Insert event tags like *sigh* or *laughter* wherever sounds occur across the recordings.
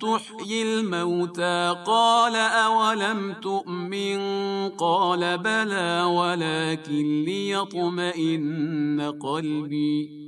تحيي الموتى قال اولم تؤمن قال بلى ولكن ليطمئن قلبي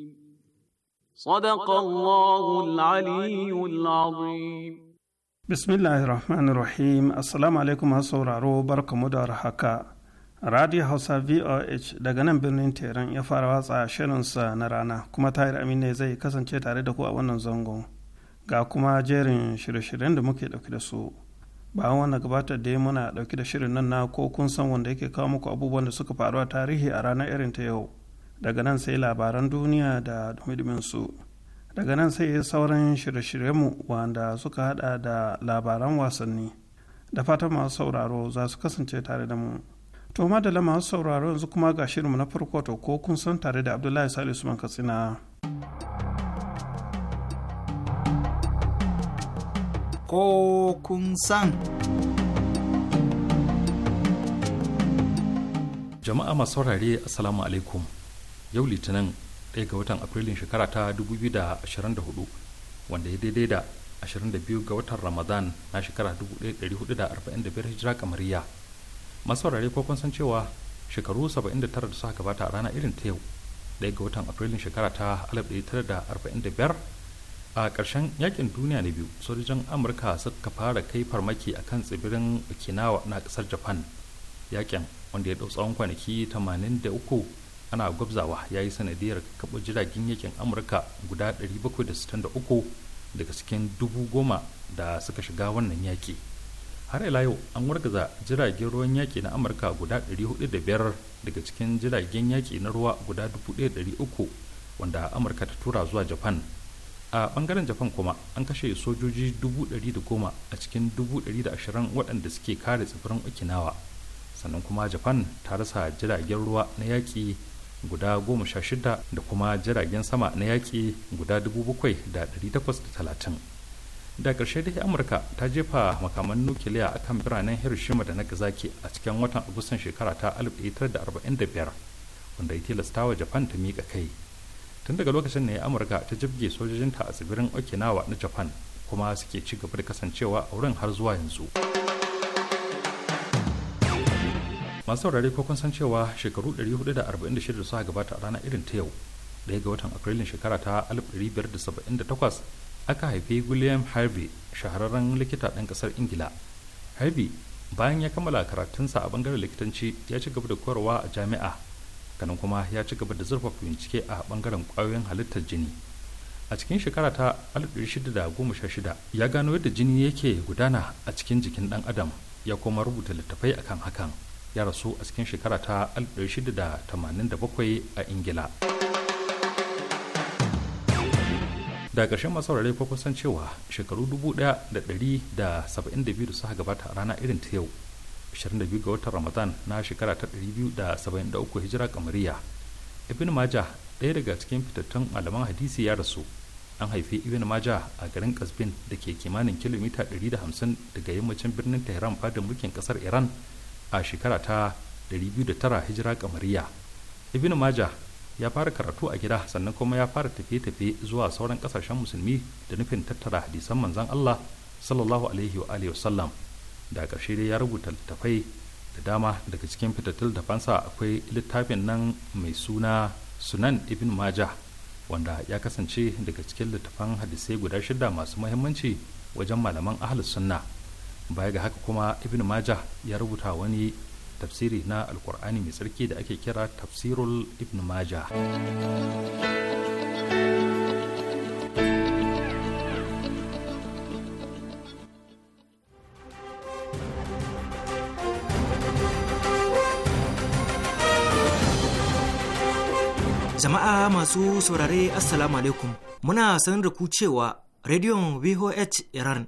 صدق الله العلي العظيم bismillahi rahmanir rahim assalamu alaikum har sauraro barkamu da haka radio hausa voh daga nan birnin teran ya fara watsa shirinsa na rana kuma tahir ne zai kasance tare da ku a wannan zangon ga kuma jerin shirye-shiryen da muke dauke da su bayan wannan gabatar da muna dauke da shirin nan na ko kun san wanda yake kawo muku abubuwan da suka faru a tarihi a ranar irin ta yau daga nan sai labaran duniya da su daga nan sai sauran shirye-shiryenmu wanda suka hada da labaran wasanni da fatan masu sauraro za su kasance tare da mu to madalla masu sauraro yanzu kuma ga shirinmu na farko to ko kun san tare da abdullahi salisu man katsina ko kun san jama'a masu saurare assalamu alaikum yau litinin ɗaya ga watan afrilun shekara ta 2024 wanda ya daidai da 22 ga watan ramadan na shekara 1445 hijira kamariya masu saurare ko kun san cewa shekaru 79 da suka gabata a rana irin ta yau ɗaya ga watan afrilun shekara ta 1945 a ƙarshen yakin duniya na biyu sojojin amurka suka fara kai farmaki a kan tsibirin okinawa na ƙasar japan yakin wanda ya ɗau tsawon kwanaki 83 ana gwabzawa ya yi sanadiyar kaɓo jiragen yakin amurka guda 763 daga cikin dubu goma da suka shiga wannan yaƙi har ila yau an wargaza jiragen ruwan yaƙi na amurka guda 405 daga cikin jiragen yaƙi na ruwa guda 1300 wanda amurka ta tura zuwa japan a bangaren japan kuma an kashe sojoji 110 a cikin 120 waɗanda suke kare tsibirin okinawa sannan kuma japan ta rasa jiragen ruwa na yaƙi guda goma sha shida da kuma jiragen sama na yaƙi guda dubu bakwai da ɗari takwas da talatin da ƙarshe dai amurka ta jefa makaman nukiliya a kan biranen hiroshima da nagasaki a cikin watan agustan shekara ta 1945 wanda ya tilasta wa japan ta miƙa kai tun daga lokacin ne amurka ta jibge sojojinta a tsibirin okinawa na japan kuma suke ci gaba da kasancewa a wurin har zuwa yanzu. masu saurare ko kun san cewa shekaru 446 suka gabata a rana irin ta yau daya ga watan afrilun shekara ta 1578 aka haifi william harvey shahararren likita ɗan ƙasar ingila harvey bayan ya kammala karatunsa a bangaren likitanci ya ci gaba da koyarwa a jami'a kanan kuma ya ci gaba da zurfafa bincike a bangaren ƙwayoyin halittar jini a cikin shekara ta 1616 ya gano yadda jini yake gudana a cikin jikin ɗan adam ya kuma rubuta littattafai akan hakan ya rasu a cikin shekara ta 1687 a ingila da ƙarshen masaurare fa kusan cewa shekaru 1172 da suka gabata a rana irin ta yau 22 ga watan ramadan na shekara ta 273 hijira kamariya ibn maja ɗaya daga cikin fitattun malaman hadisi ya rasu an haifi ibn maja a garin kasbin da ke kimanin kilomita 150 daga yammacin birnin tehran fadin mulkin kasar iran a shekara ta 209 hijira kamariya ibn maja ya fara karatu a gida sannan kuma ya fara tafiye-tafiye zuwa sauran kasashen musulmi da nufin tattara hadisan manzon Allah sallallahu alaihi wa alihi wasallam da ƙarshe dai ya rubuta littafai da dama daga cikin fitattun fansa akwai littafin nan mai suna sunan ibn maja wanda ya kasance daga cikin littafan hadisai guda shida masu muhimmanci wajen malaman ahlus sunna baya ga haka kuma ibn majah ya rubuta wani tafsiri na alkur'ani mai tsarki da ake kira tafsirul ibn majah jama'a masu saurare assalamu alaikum muna sanar da ku cewa rediyon vhh iran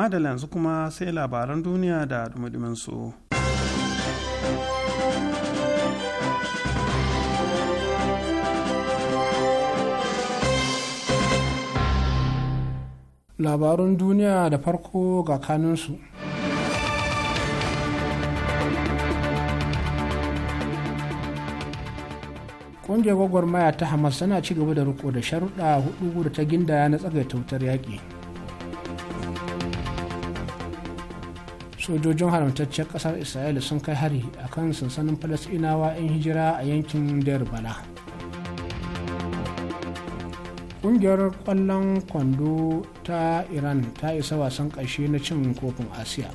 amma da yanzu kuma sai labaran duniya da dumudumin su. labarun duniya da farko ga kanunsu. ƙungiyar gwagwarmaya ta hamas tana ci gaba da riko da sharuɗa hudu da ta ginda na tsagaita wutar yaƙi sojojin haramtaccen kasar isra'ila sun kai hari a kan sansanin falasinawa 'yan hijira a yankin der bala ƙungiyar ƙwallon kwando ta iran ta isa wasan ƙarshe na cin kofin asiya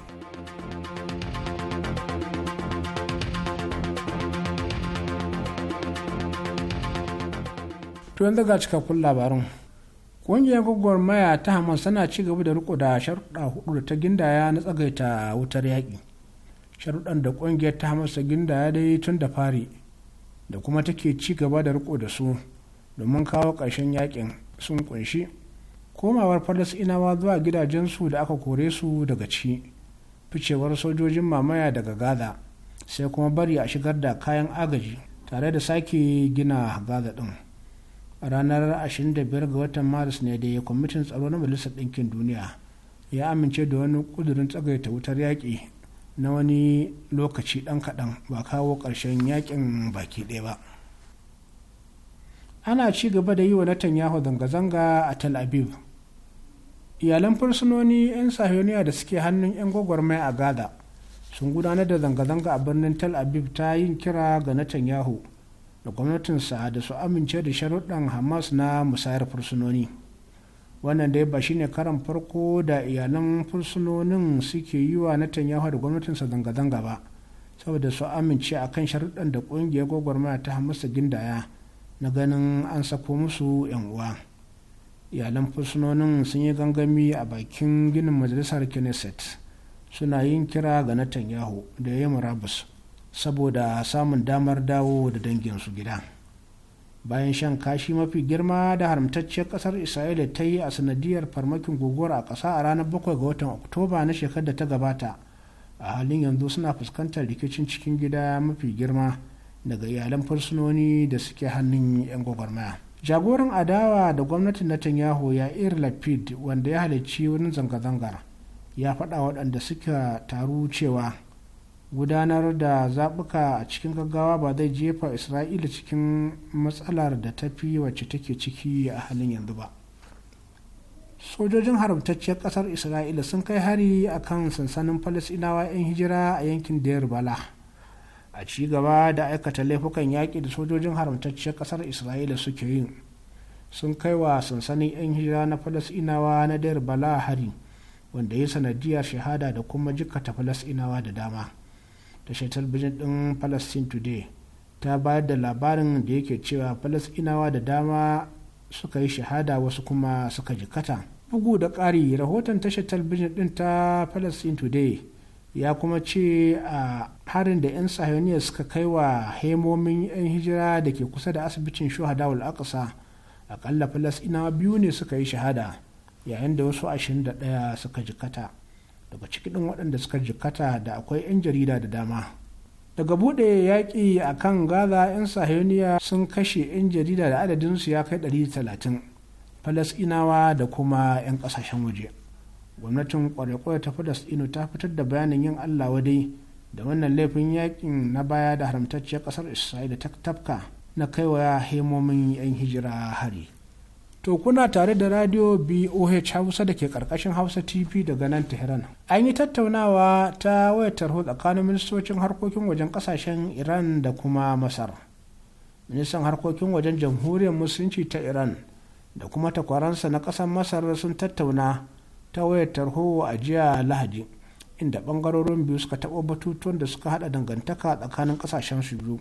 to yanzu ga cikakkun labarin ƙungiyar maya ta hamas tana ci gaba da riko da sharuɗa hudu da ta gindaya na tsagaita wutar yaƙi sharuɗan da ƙungiyar ta hamas ta gindaya dai tun da fari da kuma take ci gaba da riko da su domin kawo ƙarshen yaƙin sun ƙunshi komawar falasɗinawa zuwa gidajensu da aka kore su daga ci ficewar sojojin mamaya daga gaza sai kuma bari a shigar da kayan agaji tare da sake gina gaza ɗin. a ranar 25 ga watan maris ne da ya kwamitin tsaro na majalisar ɗinkin duniya ya amince da wani ƙudurin tsagaita wutar yaƙi na wani lokaci ɗan kaɗan ba kawo ƙarshen yaƙin baki ɗaya ba ana ci gaba da yi wa Netanyahu zanga-zanga a tel aviv iyalan fursunoni 'yan sahiyoniya da suke hannun 'yan gwagwarmaya a gaza sun gudanar da zanga-zanga a birnin tel aviv ta yin kira ga yahoo da gwamnatinsa da su amince da sharuɗan hamas na musayar fursunoni wannan dai ba shine karan farko da iyalan fursunonin suke yi wa tanyahu da gwamnatin sa zanga-zanga ba saboda su amince a kan sharuɗan da ƙungiyar gwagwarmaya ta hamas gindaya na ganin an sako musu 'yan uwa iyalan fursunonin sun yi gangami a bakin ginin majalisar knesset suna yin kira ga natanyahu da ya yi murabus saboda samun damar dawo da danginsu gida bayan shan kashi mafi girma da haramtacciyar kasar isra'ila ta yi a sanadiyar farmakin guguwar a ƙasa a ranar 7 ga watan oktoba na shekarar da ta gabata a halin yanzu suna fuskantar rikicin cikin gida mafi girma daga iyalan fursunoni da suke hannun 'yan gwagwarmaya jagoran adawa da gwamnatin netanyahu ya irin lapid wanda ya halicci wurin zanga-zangar ya faɗa waɗanda suka taru cewa gudanar da zaɓuka a cikin gaggawa ba zai jefa isra'ila cikin matsalar da ta fi wacce take ciki a halin yanzu ba sojojin haramtacciyar ƙasar isra'ila sun kai hari a kan sansanin falasinawa 'yan hijira a yankin dayar bala a ci gaba da aikata laifukan yaƙi da sojojin haramtacciyar ƙasar isra'ila suke yi sun kai wa sansanin 'yan hijira na falasinawa na dayar bala hari wanda ya sanadiyar shahada da kuma jikata falasinawa da dama tashar talbijin din palestine today ta bayar da labarin da yake cewa falasɗinawa da dama suka yi shahada wasu kuma suka jikata bugu da ƙari rahoton tashar talbijin din ta palestine today ya kuma ce a harin da 'yan sahiyoniya suka kai wa hemomin 'yan hijira da ke kusa da asibitin shuhada wal aqsa akalla falasɗinawa biyu ne suka yi shahada yayin da wasu 21 suka jikata daga cikin waɗanda suka jikata da akwai 'yan jarida da dama daga buɗe yaƙi a kan gaza 'yan sahiyoniya sun kashe 'yan jarida da adadinsu ya kai 130 falasinawa da kuma 'yan ƙasashen waje gwamnatin kwarekwayo ta falasino ta fitar da bayanin yin allah wadai da wannan laifin yaƙin na baya da haramtacciyar ƙasar isra'ila ta tafka na kaiwa hemomin 'yan hijira hari To kuna tare da radio BOH Hausa da ke karkashin Hausa TV daga nan Tehran. An yi tattaunawa ta wayar tarho tsakanin ministocin harkokin wajen kasashen Iran da kuma Masar. Ministan harkokin wajen jamhuriyar musulunci ta Iran da kuma takwaransa na ƙasar Masar sun tattauna ta wayar tarho a jiya Lahadi. Inda ɓangarorin biyu suka taɓa batutuwan da suka haɗa dangantaka tsakanin ƙasashen su biyu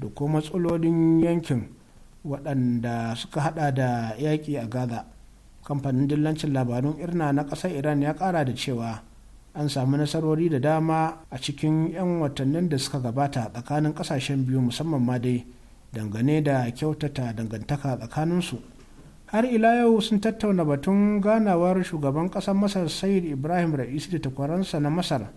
da kuma matsalolin yankin waɗanda suka hada da yaƙi a gaza kamfanin dillancin labarun irna na ƙasar iran ya ƙara da cewa an samu nasarori da dama a cikin 'yan watannin da suka gabata tsakanin ƙasashen biyu musamman ma dai dangane da kyautata dangantaka tsakaninsu har ila yau sun tattauna batun ganawar shugaban ƙasar masar sayid ibrahim ra'isi da takwaransa na masar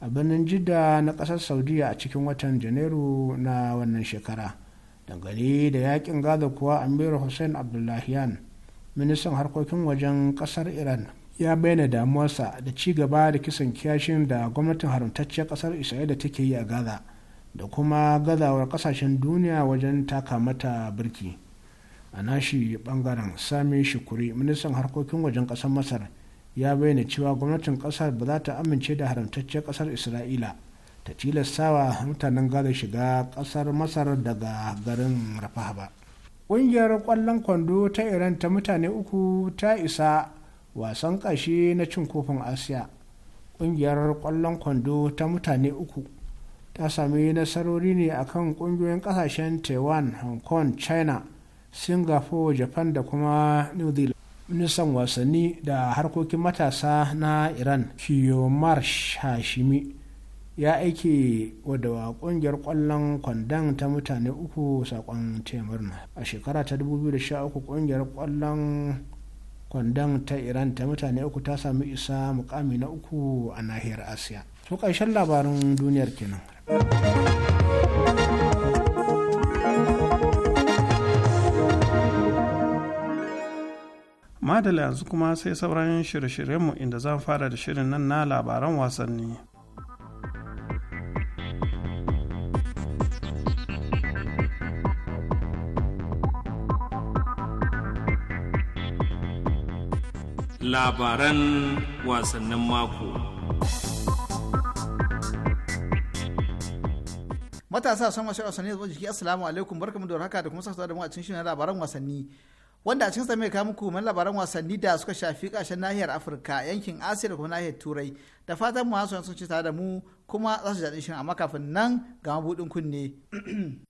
a birnin jidda na ƙasar saudiya a cikin watan janairu na wannan shekara. dangane da yakin gaza kuwa amir hussein abdullahian ministan harkokin wajen kasar iran ya bayyana damuwarsa da ci gaba da kisan kiyashin da gwamnatin haramtacciyar kasar isra'ila take yi a gaza da kuma gazawar kasashen duniya wajen taka mata birki a nashi bangaren sami shukuri ministan harkokin wajen kasar masar ya bayyana cewa gwamnatin kasar ba za ta amince da haramtacciyar kasar isra'ila ta tilastawa mutanen gaza shiga kasar masar daga garin rafaha ba ƙungiyar ƙwallon kwando ta iran ta mutane uku ta isa wasan ƙashe na cin kofin asiya ƙungiyar ƙwallon kwando ta mutane uku ta sami nasarori ne akan ƙungiyoyin ƙasashen taiwan hong kong china singapore japan da kuma new zealand ministan wasanni da harkokin matasa na iran kiyomar hashimi ya aike wadda kungiyar kwallon kwandon ta mutane uku sakon murna a shekara ta 2013 kungiyar kwallon kwandon ta iran ta mutane uku ta sami isa mukami na uku a nahiyar asiya to ƙarshen labarin duniyar kenan madala yanzu kuma sai sauran shirye-shiryenmu inda zan fara da shirin nan na labaran wasanni labaran wasannin mako. Matasa son wasu wasanni da jiki assalamu alaikum barkamu da haka da kuma sassa da mu a cikin shirin labaran wasanni. Wanda a cikin sa mai kawo muku man labaran wasanni da suka shafi kashen nahiyar Afirka, yankin Asiya da kuma nahiyar Turai. Da fatan mu hasu sun ci tare da mu kuma za su jaɗin shirin amma kafin nan ga mabuɗin kunne. *clears throat*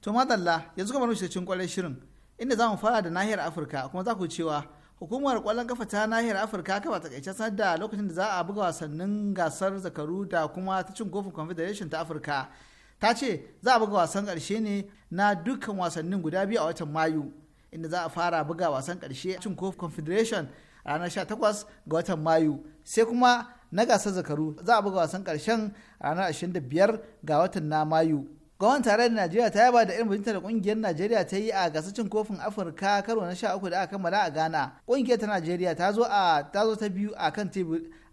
to madalla yanzu kamar cikin kwallon shirin inda za mu fara da nahiyar afirka kuma za ku cewa hukumar kwallon kafa ta nahiyar afirka kafa ta kaice sanar da lokacin da za a buga wasannin gasar zakaru da kuma ta cin kofin confederation ta afirka ta ce za a buga wasan karshe ne na dukkan wasannin guda biyu a watan mayu inda za a fara buga wasan karshe cin kofin confederation ranar 18 ga watan mayu sai kuma na gasar zakaru za a buga wasan karshen ranar biyar ga watan na mayu gwamnatin tarayyar najeriya ta yaba da irin bajinta da kungiyar najeriya ta yi a gasar cin kofin afirka karo na sha uku da aka kammala a ghana kungiyar ta najeriya ta zo a ta zo ta biyu a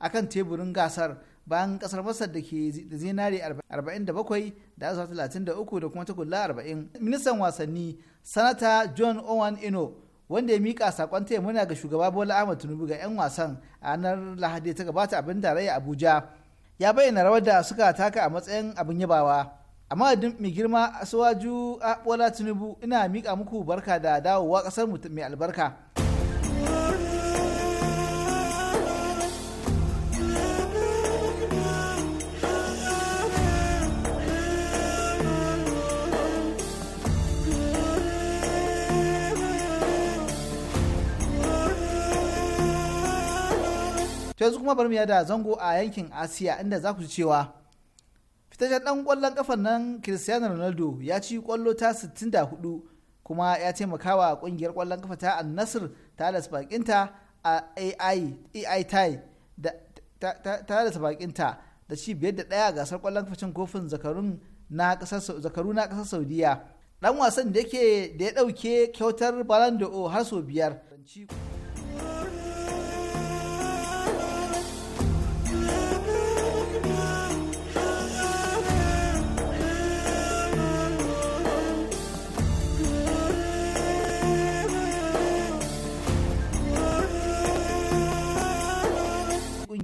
kan teburin gasar bayan kasar masar da ke da zinari 47 da azurfa 33 da kuma kula 40 ministan wasanni sanata john owen ino wanda ya mika sakon taya muna ga shugaba bola ahmad tinubu ga 'yan wasan a ranar lahadi ta gabata abin tarayya abuja ya bayyana rawar da suka taka a matsayin abin yabawa amma da mai girma sawaju a bola tinubu ina miƙa muku barka da dawowa ƙasar mu mai albarka yanzu kuma bar mu yada zango a yankin asiya inda za ku ji cewa fitaccen dan kwallon kafan nan cristiano ronaldo ya ci kwallo ta 64 kuma ya taimaka wa kungiyar kwallon kafa ta al ta da bakinta a ai ai ta da bakinta da ci biyar da daya gasar kwallon kafa cin kofin zakaru na kasar saudiya dan wasan da yake da ya dauke kyautar ballon har sau biyar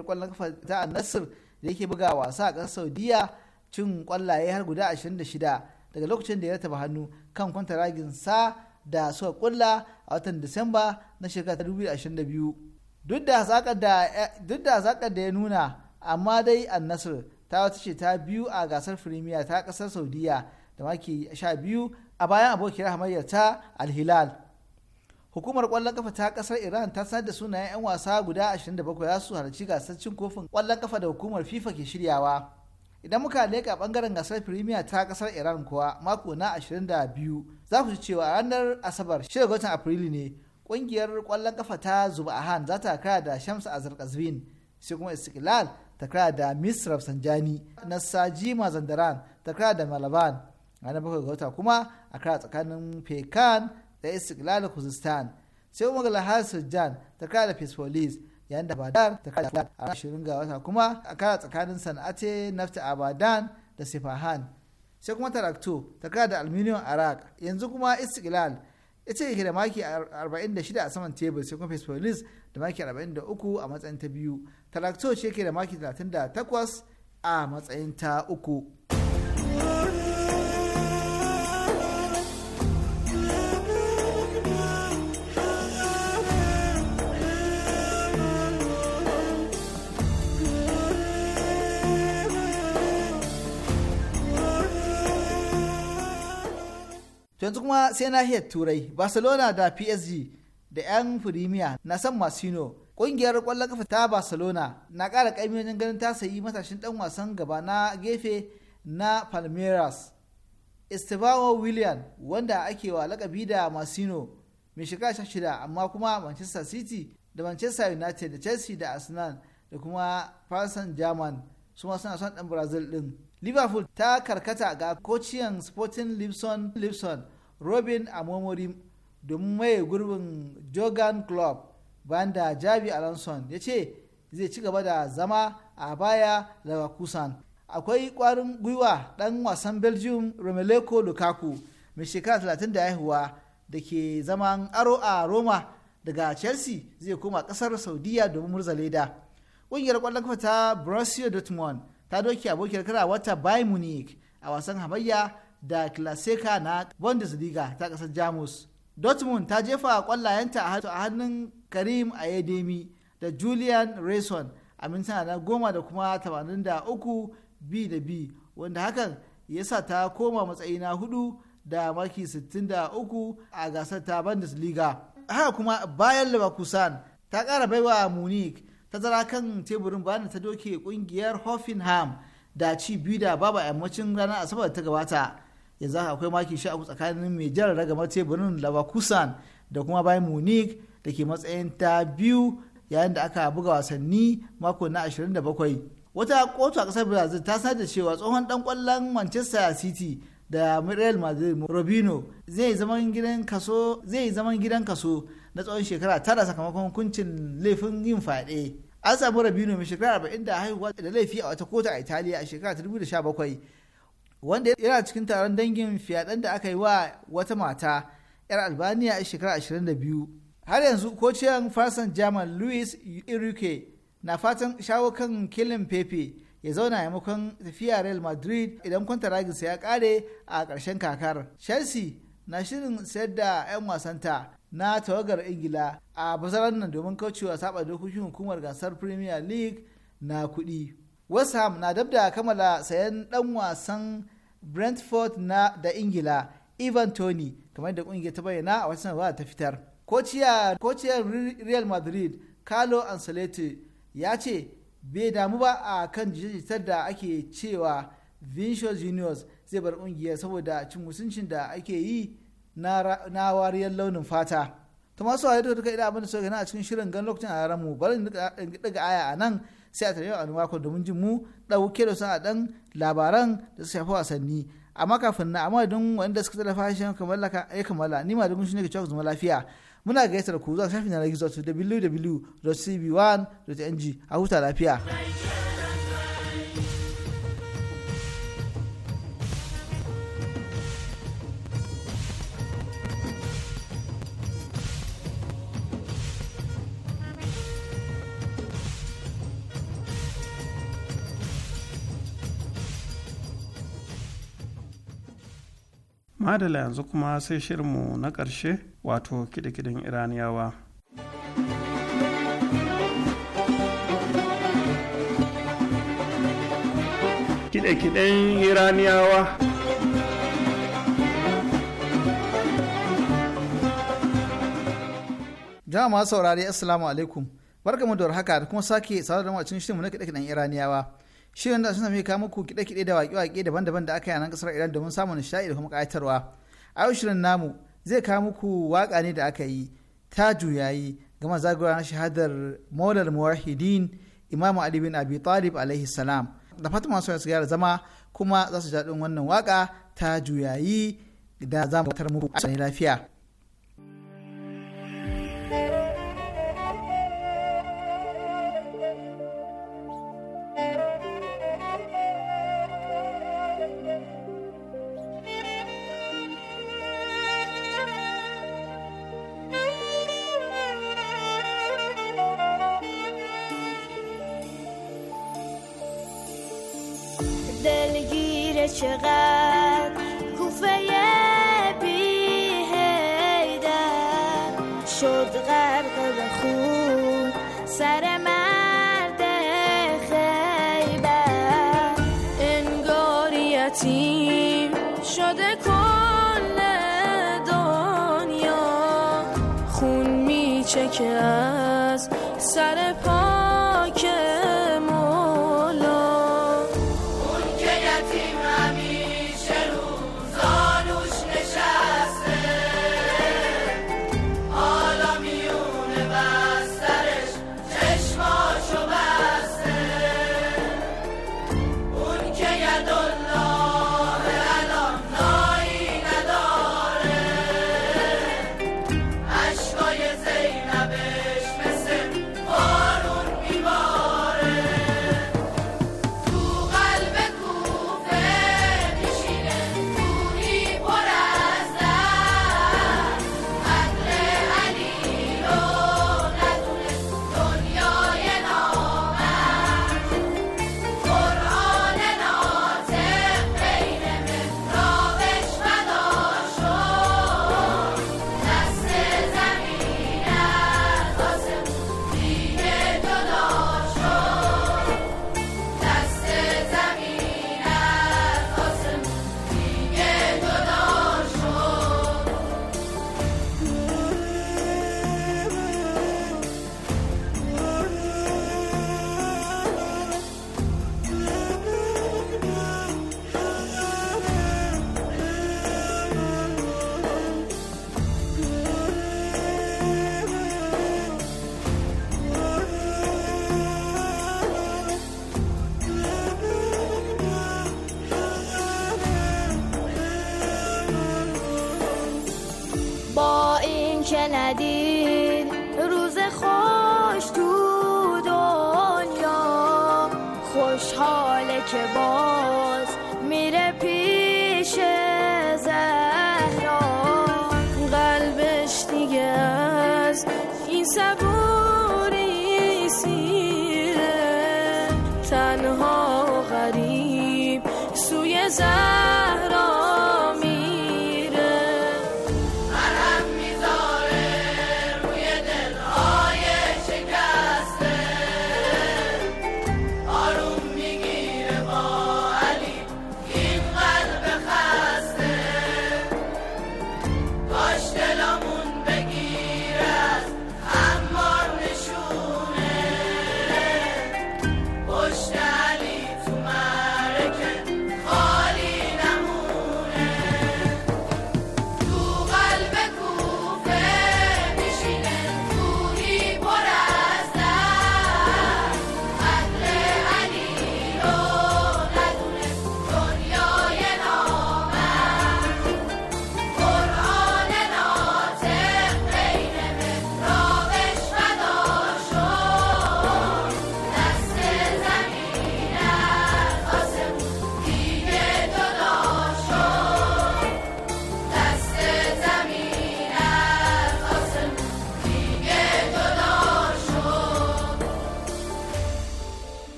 kungiyar kwallon kafa ta annasir da yake buga wasa a ƙasar saudiya cin kwallaye har guda 26 daga lokacin da ya taba hannu kan ragin sa da suka kulla a watan disamba na shekara 2022 duk da hazaƙar da ya nuna amma dai annasir ta wata ce ta biyu a gasar firimiya ta ƙasar saudiya da maki 12 a bayan abokin hamayyar ta alhilal hukumar kwallon kafa ta kasar iran ta sanar da sunayen 'yan wasa guda 27 za su halarci gasar cin kofin kwallon kafa da hukumar fifa ke shiryawa idan muka leka bangaren gasar firimiya ta kasar iran kuwa mako na 22 za ku ci cewa ranar asabar 6 watan afrilu ne kungiyar kwallon kafa ta zubahan za ta kara da shamsa azarkazvin sai kuma istiklal ta kara da miss rafsanjani na saji mazandaran ta kara da malaban ranar bakwai ga wata kuma a kara tsakanin pekan da istiklal kuzistan sai umar lahar sujjan ta kara da fesfolis yayin da abadan ta kara da a ashirin ga wata kuma a kara tsakanin sana'ate nafta abadan da sifahan sai kuma tarakto ta kara da alminiyon arak yanzu kuma istiklal ita yake da maki 46 a saman tebur sai kuma fesfolis da maki 43 a matsayin ta biyu tarakto ce ke da maki 38 a matsayin ta uku. yanzu kuma sai nahiyar turai barcelona da psg da 'yan firimiya na san masino ƙungiyar ƙwallon kafa ta barcelona na kara kaimiyoyin ganin ta sayi matashin ɗan wasan gaba na gefe na palmeiras estevao william wanda ake wa lakabi da masino mai shiga shida amma kuma manchester city da manchester united da chelsea da arsenal da kuma paris german su suna son ɗan brazil din. liverpool ta karkata ga kociyan sporting lipson lipson robin momori domin maye gurbin jogan club bayan da javi Alonso ya ce zai ci gaba da zama a baya daga kusan akwai kwarin gwiwa dan wasan belgium romeleko lukaku mai shekara 30 da haihuwa da ke zaman aro a roma daga chelsea zai koma kasar saudiya domin murza leda ƙungiyar kwallon kafa ta borussia dortmund ta doki abokiyar kara wata bayern munich a wasan hamayya da klaseka na bundesliga ta kasar jamus dortmund ta jefa kwallayenta a hannun karim ayedemi da julian rayson a mintuna na goma da kuma 83 b da b wanda hakan ya sa ta koma matsayi na hudu da maki 63 a gasar ta bundesliga haka kuma bayan leverkusen ta kara baiwa munich zara kan teburin bayan ta doke kungiyar hoffenheim da ci biyu da babu yammacin ranar asabar ta gabata yanzu akwai maki sha uku tsakanin mai jar ragamar teburin leverkusen da kuma bayan munich da ke matsayin ta biyu yayin da aka buga wasanni mako na 27 wata kotu a kasar brazil ta sanar da cewa tsohon dan kwallon manchester city da real madrid robino zai zaman gidan kaso zaman gidan kaso na tsawon shekara tara sakamakon hukuncin laifin yin fade an samu rabino mai shekara arba'in da haihuwa da laifi a wata kotu a italiya a shekara 2017 wanda yana cikin taron dangin fiyaɗen da aka yi wa wata mata 'yar albaniya a shekara 22 har yanzu kociyan farsan German louis irike na fatan shawo kan kilin pepe ya zauna ya makon tafiya real madrid idan kwanta kwantaraginsa ya kare a karshen kakar chelsea na shirin sayar da 'yan wasanta na tawagar ingila a bazarar nan domin kaucewa saba dokokin hukumar gasar premier league na kuɗi west ham na dab da kammala sayan ɗan wasan brentford na da ingila ivan tony kamar da kungiyar ta bayyana a wata sanarwa ta fitar kociyar real madrid carlo ancelotti ya ce bai damu ba a kan jita da ake cewa vinicius juniors zai bar kungiyar saboda cin musuncin da ake yi na wariyar launin fata ta masu wa da duka ila abin da suka gani a cikin shirin gan lokacin a mu bari daga aya a nan sai a tarihin a mako domin jin mu ɗauke da su a ɗan labaran da su shafi wasanni amma kafin na amma don wanda suka tallafa shi kamala ya eh, kamala ni ma da shi ne ke cewa zama lafiya muna gaitar ku zuwa shafin na gizo www.cb1.ng a huta lafiya. madala yanzu kuma sai shirinmu na ƙarshe wato kiɗe-kiɗen iraniyawa kidikidin iraniyawa jama'a saurari assalamu alaikum barkamu da haka da kuma sake saurari da cikin shirinmu na kiɗe-kiɗen iraniyawa Shirin da suna mai kawo muku kiɗe-kiɗe da waƙe-waƙe daban-daban da aka yi a nan ƙasar Iran domin samun nishaɗi da kuma ƙayatarwa. A yau shirin namu zai kawo muku waka ne da aka yi ta juyayi gama zagaya na shahadar maulal Muwahidin Imam Ali bin Abi Talib alaihi salam. Da fatan masu su gyara zama kuma za su jaɗin wannan waka ta juyayi da za mu muku a lafiya. یتیم شده کن دنیا خون میچه که از سر پا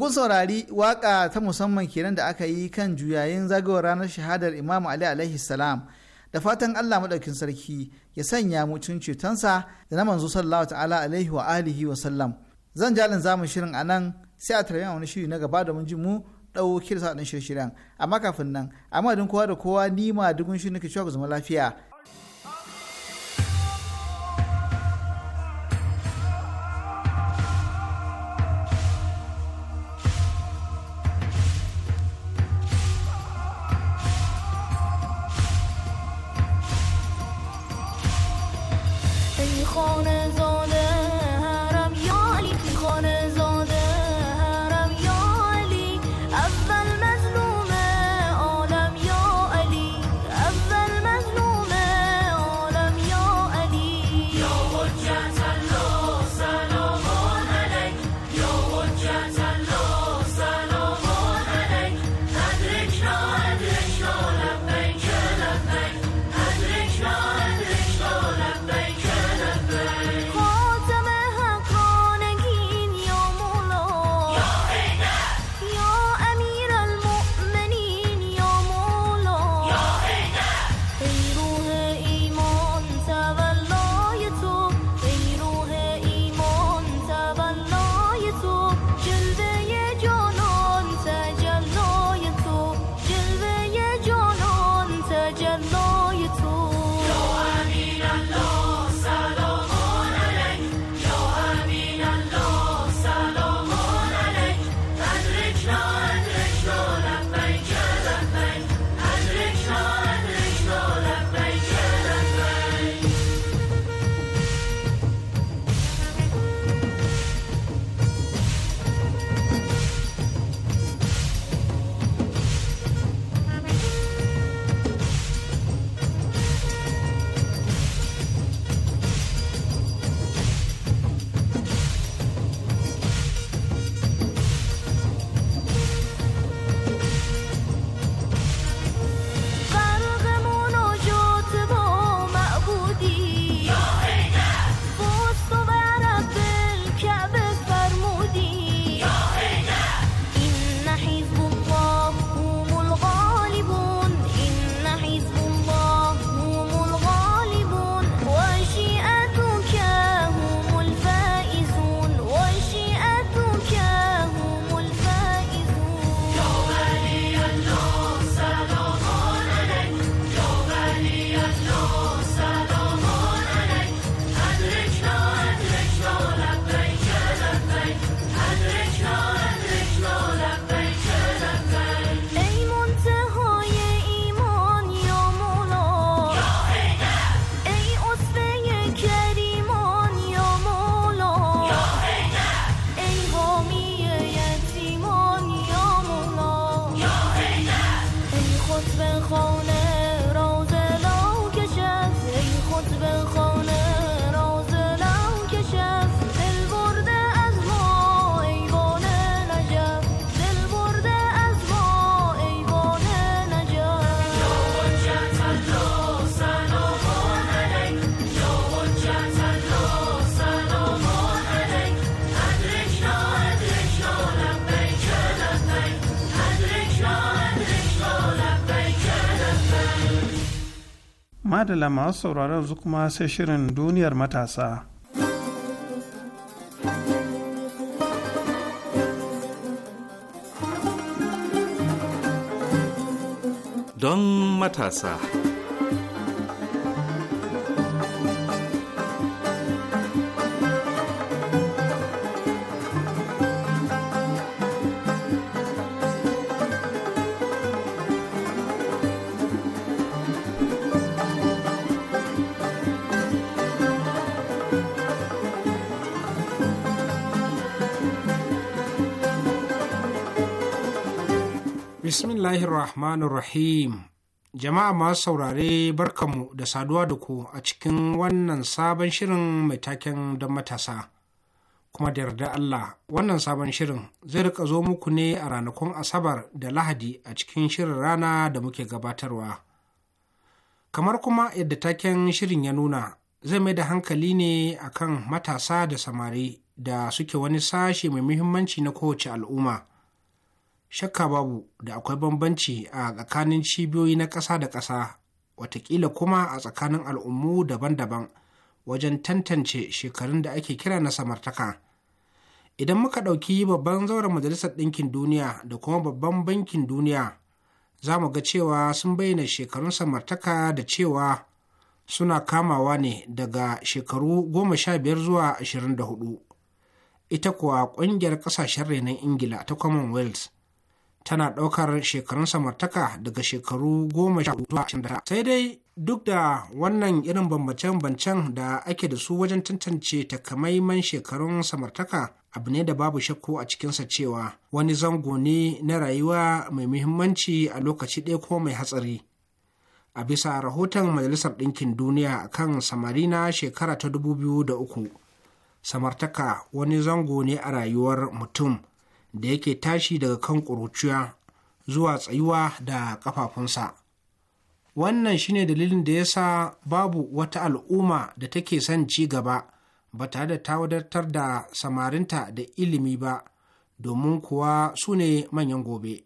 kun saurari waka ta musamman kenan da aka yi kan juyayin zagawar ranar shahadar Imam Ali alaihi salam da fatan Allah maɗaukin sarki ya sanya mu cetonsa da na manzo sallallahu ta'ala alaihi wa alihi wa sallam. Zan jalin zamu shirin a nan sai a tarayya wani shiri na gaba da mun ji mu ɗau da saɗin shirye-shiryen amma kafin nan amma madin kowa da kowa ni ma dugun shi nake cewa ku zama lafiya. gewoon madala masu sauraron yanzu kuma sai shirin duniyar matasa. Don matasa. Bismillahirrahmanirrahim. Jama'a masu saurare barkanmu da saduwa da ku a cikin wannan sabon shirin mai taken don matasa. Kuma da yarda Allah, wannan sabon shirin zai rika zo muku ne a ranakun Asabar da Lahadi a cikin shirin rana da muke gabatarwa. Kamar kuma yadda taken shirin ya nuna, zai mai da hankali ne akan matasa da samari da suke wani sashe mai muhimmanci na kowace al'umma. shakka babu da akwai bambanci a tsakanin cibiyoyi na ƙasa da ƙasa watakila kuma a tsakanin al'ummu daban-daban wajen tantance shekarun da ake kira na samartaka idan muka ɗauki babban zauren majalisar ɗinkin duniya da kuma babban bankin duniya za mu ga cewa sun bayyana shekarun samartaka da cewa suna kamawa ne daga shekaru goma sha biyar zuwa ashirin da hudu ita kuwa ƙungiyar ƙasashen renon ingila ta commonwealth tana ɗaukar shekarun samartaka daga shekaru goma sha zuwa a sai dai duk da wannan irin bambance-bambancen da ake da su wajen tantance takamaiman shekarun samartaka abu ne da babu shakku a cikinsa cewa wani zango ne na rayuwa mai muhimmanci a lokaci ɗaya ko mai hatsari a bisa rahoton majalisar ɗinkin duniya a kan samari na shekara ta dubu da uku, samartaka wani zango ne a rayuwar mutum da yake tashi daga kan ƙuruciya zuwa tsayuwa da ƙafafunsa. Wannan shi ne dalilin da ya sa babu wata al'umma da take son ci gaba ba tare da ta wadatar da samarinta da ilimi ba, domin kuwa su ne manyan gobe.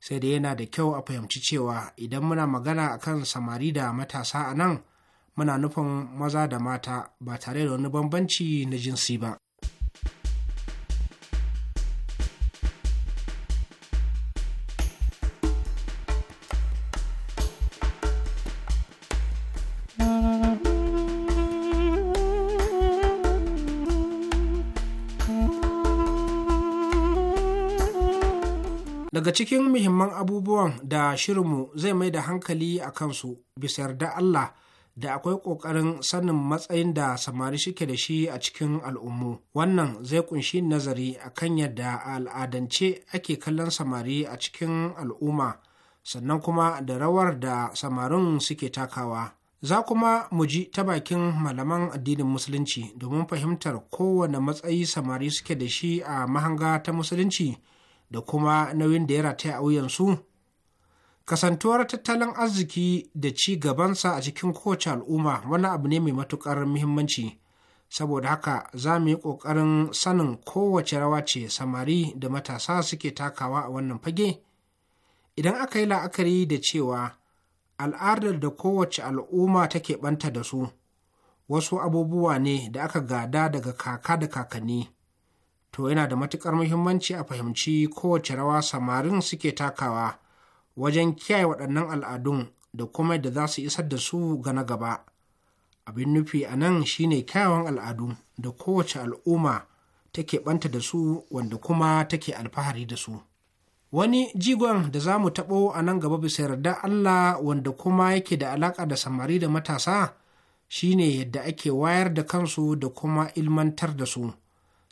Sai da yana da kyau a fahimci cewa idan muna magana a kan samari da matasa a nan, muna nufin maza da mata ba tare da wani bambanci na jinsi ba. Daga cikin muhimman abubuwan da shirinmu zai mai da hankali a kansu bisa yarda Allah da akwai ƙoƙarin sanin matsayin da samari suke da shi a cikin al'ummu. Wannan zai kunshi nazari a kan yadda a al'adance ake kallon samari a cikin al'umma, sannan kuma da rawar da samarin suke takawa. Za kuma mu ji ta bakin malaman addinin Musulunci domin fahimtar kowane matsayi samari suke da shi a mahanga ta Musulunci. da kuma nauyin da ya rataya a wuyansu kasantuwar tattalin arziki da ci gabansa a cikin kowace al'umma wani abu ne mai matuƙar muhimmanci saboda haka za mu yi ƙoƙarin sanin kowace rawa ce samari da matasa suke takawa a wannan fage idan aka yi la'akari da cewa al'adar da kowace al'umma take ɓanta da su wasu abubuwa ne da aka gada daga kaka da kakanni to yana da matuƙar muhimmanci a fahimci kowace rawa samarin suke takawa wajen kiyaye waɗannan al'adun da kuma da za su isar da su ga na gaba abin nufi a nan shine kyawawan al'adu da kowace al'umma take ɓanta da su wanda kuma take alfahari da su wani jigon da za mu taɓo a nan gaba bisa yarda allah wanda kuma yake da alaƙa da samari da matasa shine yadda ake wayar da kansu da kuma ilmantar da su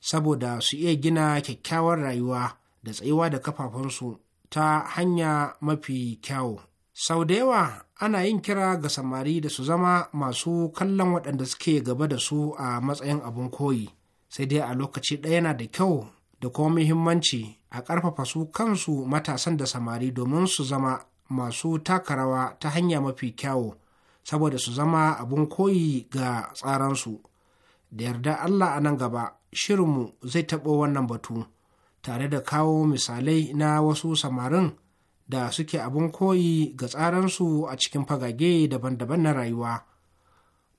saboda su iya gina kyakkyawar rayuwa da tsayuwa da kafafunsu ta hanya mafi kyawu. Sau da yawa ana yin kira ga samari da su zama masu kallon waɗanda suke gaba da su a matsayin abin koyi, sai dai a lokaci ɗaya yana da kyau da kuma muhimmanci a ƙarfafa su kansu matasan da samari domin su zama masu taka rawa ta hanya mafi kyawu, saboda su zama abin koyi ga tsaransu. da yarda Allah a nan gaba shirinmu zai taɓo wannan batu tare da kawo misalai na wasu samarin da suke abin koyi ga tsaransu a cikin fagage daban-daban na rayuwa.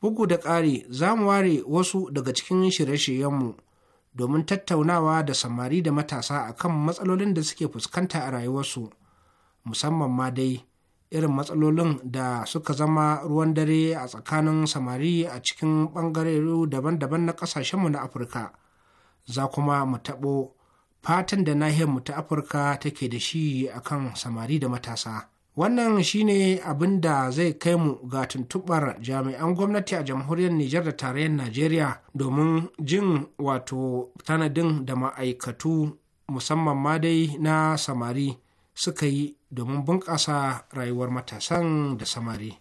Bugu da ƙari za mu ware wasu daga cikin shirye-shiryenmu domin tattaunawa da samari da matasa akan matsalolin da suke fuskanta a rayuwarsu, musamman ma dai irin matsalolin da suka zama ruwan dare a tsakanin samari a cikin ɓangare daban-daban na ƙasashenmu na afirka za kuma mu taɓo fatan da mu ta afirka take da shi akan samari da matasa wannan shine abin da zai kai mu ga tuntuɓar jami'an gwamnati a jamhuriyar nijar da tarayyar najeriya domin jin wato tanadin da ma'aikatu musamman ma dai na samari suka yi domin bunƙasa rayuwar matasan da samari.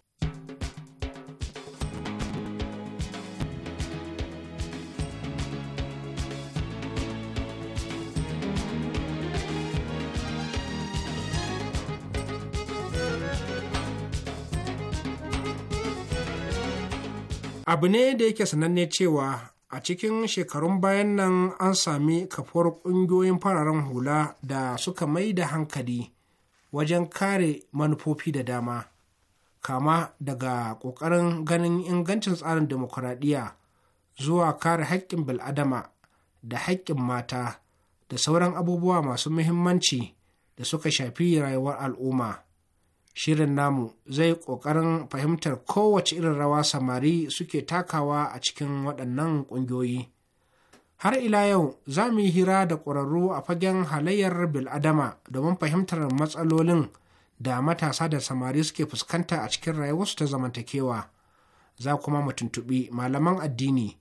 abu ne da yake sananne cewa a cikin shekarun bayan nan an sami kafuwar ƙungiyoyin fararen hula da suka mai da hankali wajen kare manufofi da dama kama daga ƙoƙarin ganin ingancin tsarin demokuraɗiyya zuwa kare haƙƙin bil'adama da haƙƙin mata da sauran abubuwa masu muhimmanci da suka shafi rayuwar al'umma Shirin namu zai ƙoƙarin fahimtar kowace irin rawa samari suke takawa a cikin waɗannan ƙungiyoyi. Har ila yau za mu yi hira da ƙwararru a fagen halayyar bil'adama domin fahimtar matsalolin da matasa da samari suke fuskanta a cikin rayuwarsu ta zamantakewa. Za kuma mu tuntuɓi malaman addini.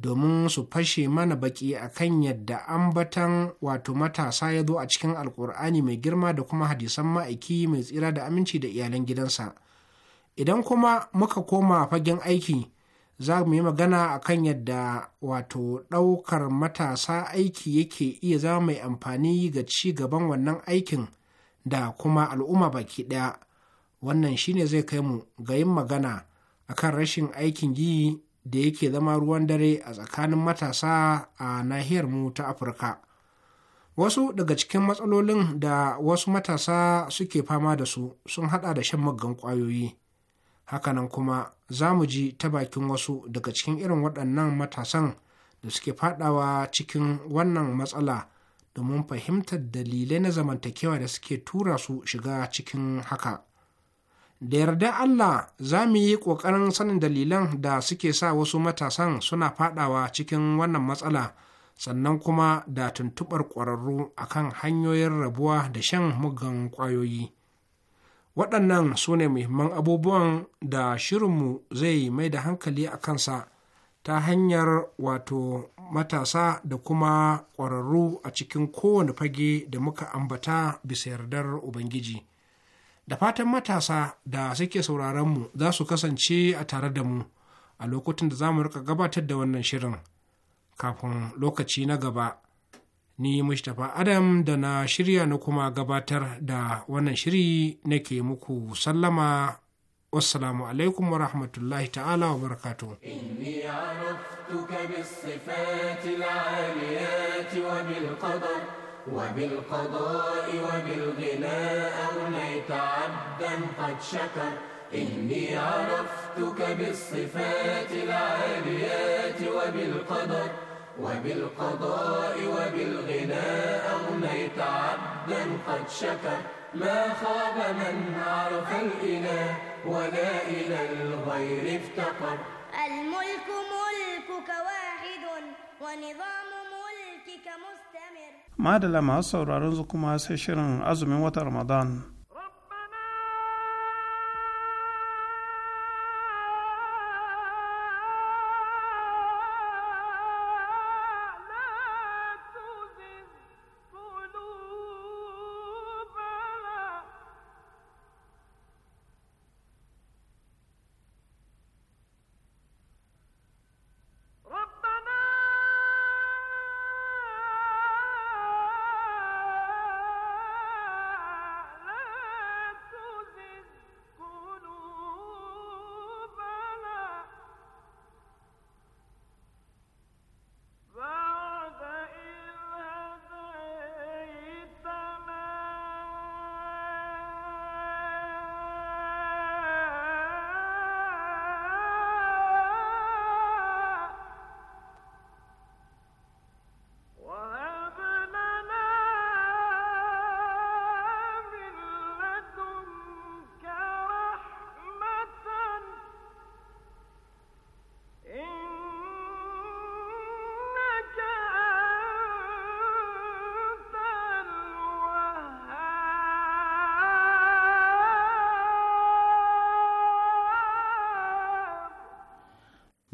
domin su fashe mana baki a kan yadda ambatan wato matasa ya zo a cikin alkur'ani mai girma da kuma hadisan ma'aiki mai tsira da aminci da iyalan gidansa idan kuma muka koma fagen aiki za mu yi magana a kan yadda wato ɗaukar matasa aiki yake iya zama mai amfani ga ci gaban wannan aikin da kuma al'umma baki ɗaya wannan shine zai kai mu ga yin magana akan rashin aikin yi da yake zama ruwan dare a tsakanin matasa a nahiyar mu ta afirka wasu daga cikin matsalolin da wasu matasa suke fama da su sun hada da shan maggan kwayoyi hakanan kuma za mu ji ta bakin wasu daga cikin irin waɗannan matasan da suke fadawa cikin wannan matsala domin fahimtar dalilai na zamantakewa da suke tura su shiga cikin haka da yarda Allah za mu yi ƙoƙarin sanin dalilan da suke sa wasu matasan suna fadawa cikin wannan matsala sannan kuma da tuntuɓar ƙwararru a kan hanyoyin rabuwa da shan mugan ƙwayoyi. Waɗannan su ne muhimman abubuwan da shirinmu zai mai da hankali a kansa ta hanyar wato matasa da kuma ƙwararru a cikin kowane fage da muka ambata bisa yardar Ubangiji. da fatan matasa da suke sauraronmu za su kasance a tare da mu a lokutan da za mu rika gabatar da wannan shirin kafin lokaci na gaba ni mustapha adam da na shirya na kuma gabatar da wannan shiri nake muku sallama wasu alaikum wa rahmatullahi ta'ala wa barakatu وبالقضاء وبالغناء أغنيت عبدا قد شكر إني عرفتك بالصفات العاليات وبالقدر وبالقضاء وبالغناء أغنيت عبدا قد شكر ما خاب من عرف الإله ولا إلى الغير افتقر الملك ملكك واحد ونظام ملكك مستقر madala masu sauraron su kuma sai shirin azumin watan ramadan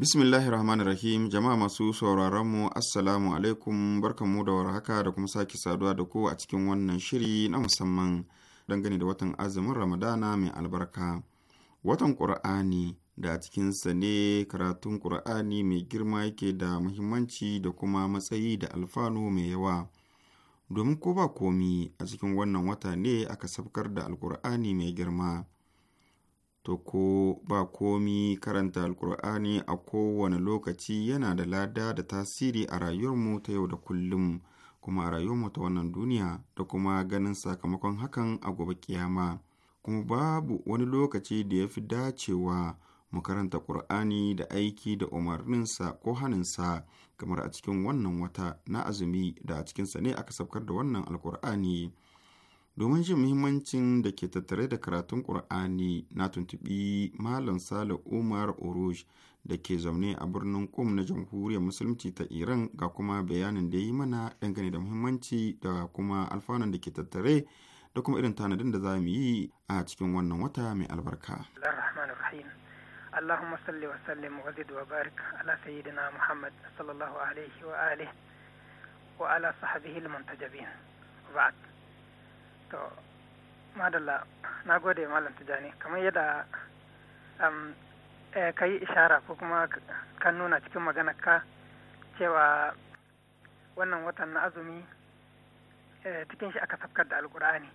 Bismillahir Rahmanir Rahim, jama'a masu sauraron mu Assalamu alaikum, barkanmu da warhaka da kuma sake saduwa da ku a cikin wannan shiri na musamman dangane da watan azumin Ramadana mai albarka. Watan Ƙur'ani da a cikinsa ne karatun Ƙur'ani mai girma yake da muhimmanci da kuma matsayi da alfanu mai yawa. Domin ko ba komi a cikin wannan wata ne aka sabkar da Alƙur'ani mai girma. to ko ba komi karanta alkur'ani a kowane lokaci yana da lada da tasiri a rayuwarmu ta yau da kullum kuma a rayuwarmu ta wannan duniya da kuma ganin sakamakon hakan a gobe kiyama kuma babu wani lokaci da ya fi dacewa mu karanta ƙur'ani da aiki da umarninsa ko haninsa kamar a cikin wannan wata na azumi da a cikinsa ne aka sabkar da wannan alkur'ani Domin jin muhimmancin da ke tattare da karatun Ƙur'ani na tuntuɓi Malam Sale Umar oroj da ke zaune a birnin kum na Jamhuriyar Musulunci ta Iran ga kuma bayanin da ya yi mana dangane da muhimmanci da kuma alfanun da ke tattare da kuma irin tanadin da za mu yi a cikin wannan wata mai albarka. wa صل وسلم وزد وبارك to madalla na gode malam tijani kamar yadda um, eh, ka yi ishara ko kuma ka nuna cikin magana ka cewa wannan watan na azumi eh, cikin shi aka safkar da alkur'ani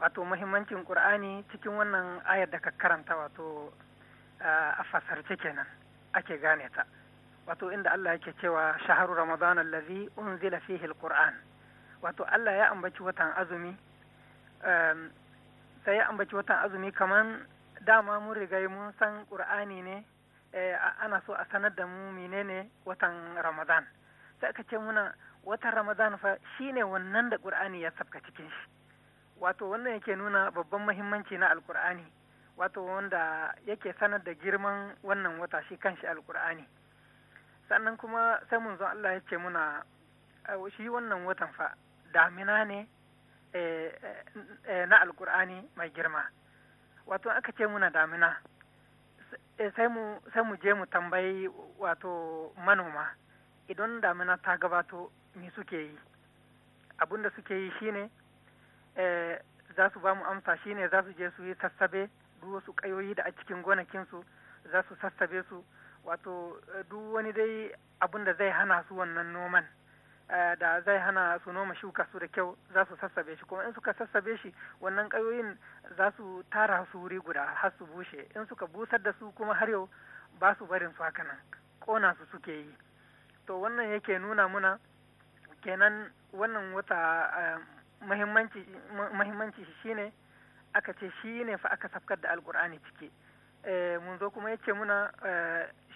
wato muhimmancin ƙur'ani cikin wannan ayar da ka karanta wato ah, a fasarce kenan ake gane ta wato inda Allah yake cewa shaharu ramadan allazi unzila fihi alquran wato Allah ya ambaci watan azumi um, sai ya ambaci watan azumi kaman dama mun riga mun san ƙur'ani ne eh, ana so a sanar da mu menene watan ramadan sai aka ce muna watan ramadan fa shine wannan da ƙur'ani ya sabka cikin shi wato wannan yake nuna babban mahimmanci na alƙur'ani wato wanda yake sanar da girman wannan wata shi kanshi alƙur'ani sannan kuma sai mun zo Allah ya ce muna eh, shi wannan watan fa damina ne eh, eh, eh, na alkur'ani mai girma wato aka ce muna damina sai mu je mu tambayi wato manoma idan damina ta gabato me suke yi abinda suke yi shine za su ba mu amsa shine za su je su yi sassabe duk wasu kayoyi da a cikin gonakinsu za su sassabe su wato duk wani dai abinda zai hana su wannan noman Eh, da zai hana su noma shuka su da kyau za su sassabe shi kuma in suka sassabe shi wannan ƙayoyin za su tara su wuri guda har su bushe in suka busar da su kuma har yau ba su barin su haka nan ƙona su suke yi to wannan yake nuna muna kenan wannan wata eh, muhimmanci ne aka ce shi ne fa aka safkar da alkur'ani ciki eh, mun zo kuma yace muna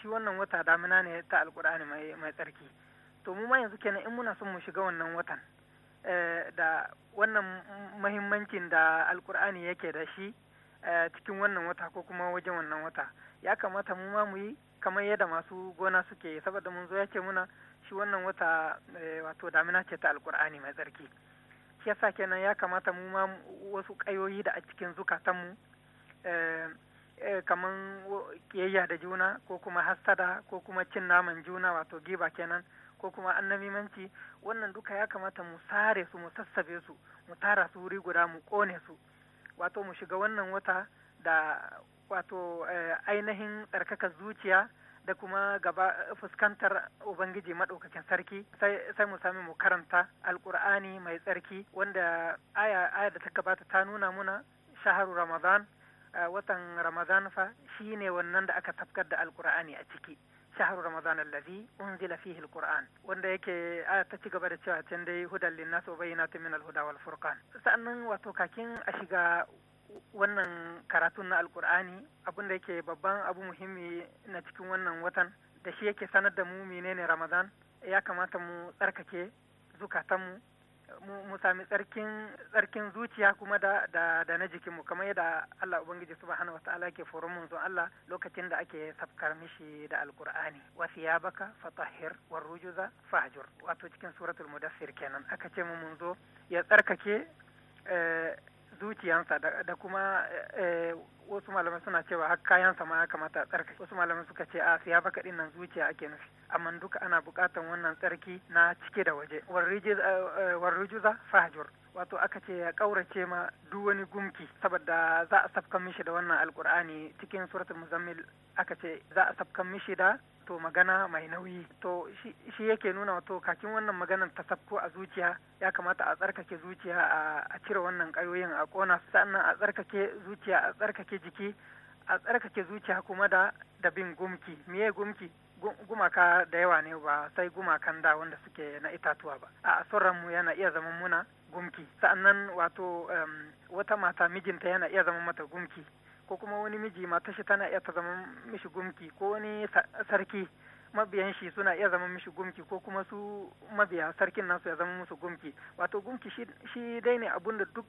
shi wannan wata damina ne ta alkur'ani mai tsarki to mu ma yanzu kenan in muna son mu shiga wannan watan eh, da wannan mahimmancin da alkur'ani yake da shi eh, cikin wannan wata ko kuma wajen wannan wata ya kamata mu ma mu yi kamar yadda masu gona suke saboda mun zo ya muna shi wannan wata eh, wato damina ce ta alkur'ani mai tsarki shi yasa kenan ya kamata mu ma wasu kayoyi da a cikin zukatan mu kamar kiyayya da juna ko kuma hastada ko kuma cin naman juna wato giba kenan ko kuma annabimanci wannan duka ya kamata mu sare su mu sassabe su mu tara su wuri guda mu kone su wato mu shiga wannan wata da wato eh, ainihin tsarkaka zuciya da kuma gaba fuskantar ubangiji maɗaukakin sarki sai mu sami mu karanta alkur'ani mai tsarki wanda aya aya da ta gabata ta nuna muna shaharu ramadan eh, watan ramadan fa shine wannan da aka tafkar da alkur'ani a ciki shahar ramadan allazi unzila fihi alquran wanda yake aya ta ci gaba da cewa can dai hudan linnas wa bayyinatun min alhuda wal furqan sannan wato kakin a shiga wannan karatun na alkur'ani abin da yake babban abu muhimmi na cikin wannan watan da shi yake sanar da mu menene ramadan ya kamata mu tsarkake zukatanmu mu sami tsarkin zuciya kuma da da na jikinmu kamar yadda Allah ubangiji subhanahu wataala ke foron mun Allah lokacin da ake safkar mishi da alkur'ani ya baka fatahhir war rujuza fajur wato cikin suratul mudassir kenan aka ce mu mun zo ya tsarkake eh, zuciyansa da kuma eh, wasu malamai suna cewa har kayansa ma ya kamata a tsarki wasu malamai suka ce a siya baka din nan zuciya ake nufi amma duka ana bukatan wannan tsarki na cike da waje warrujuza eh, fahajur wato aka ce ya kaurace ma duk wani gumki saboda za a safkan mishi da wannan alkur'ani cikin suratul muzammil aka ce za a safkan mishi da to magana mai nauyi to shi yake nuna wato kakin wannan maganar ta sabko a zuciya ya kamata a tsarkake zuciya a cire wannan kayoyin a kona sannan a tsarkake zuciya a tsarkake jiki a tsarkake zuciya kuma da da bin gumki miye gumki gumaka da yawa ne ba sai gumakan da wanda suke na itatuwa ba a asoran mu yana iya zama muna gumki sa'annan wato wata mata mijinta yana iya zama mata gumki ko kuma wani miji matar shi tana iya ta zama mishi gumki ko wani sarki mabiyan shi suna iya zama mishi gumki ko kuma su mabiya sarkin nasu ya zama musu gumki wato gumki shi dai ne abun da duk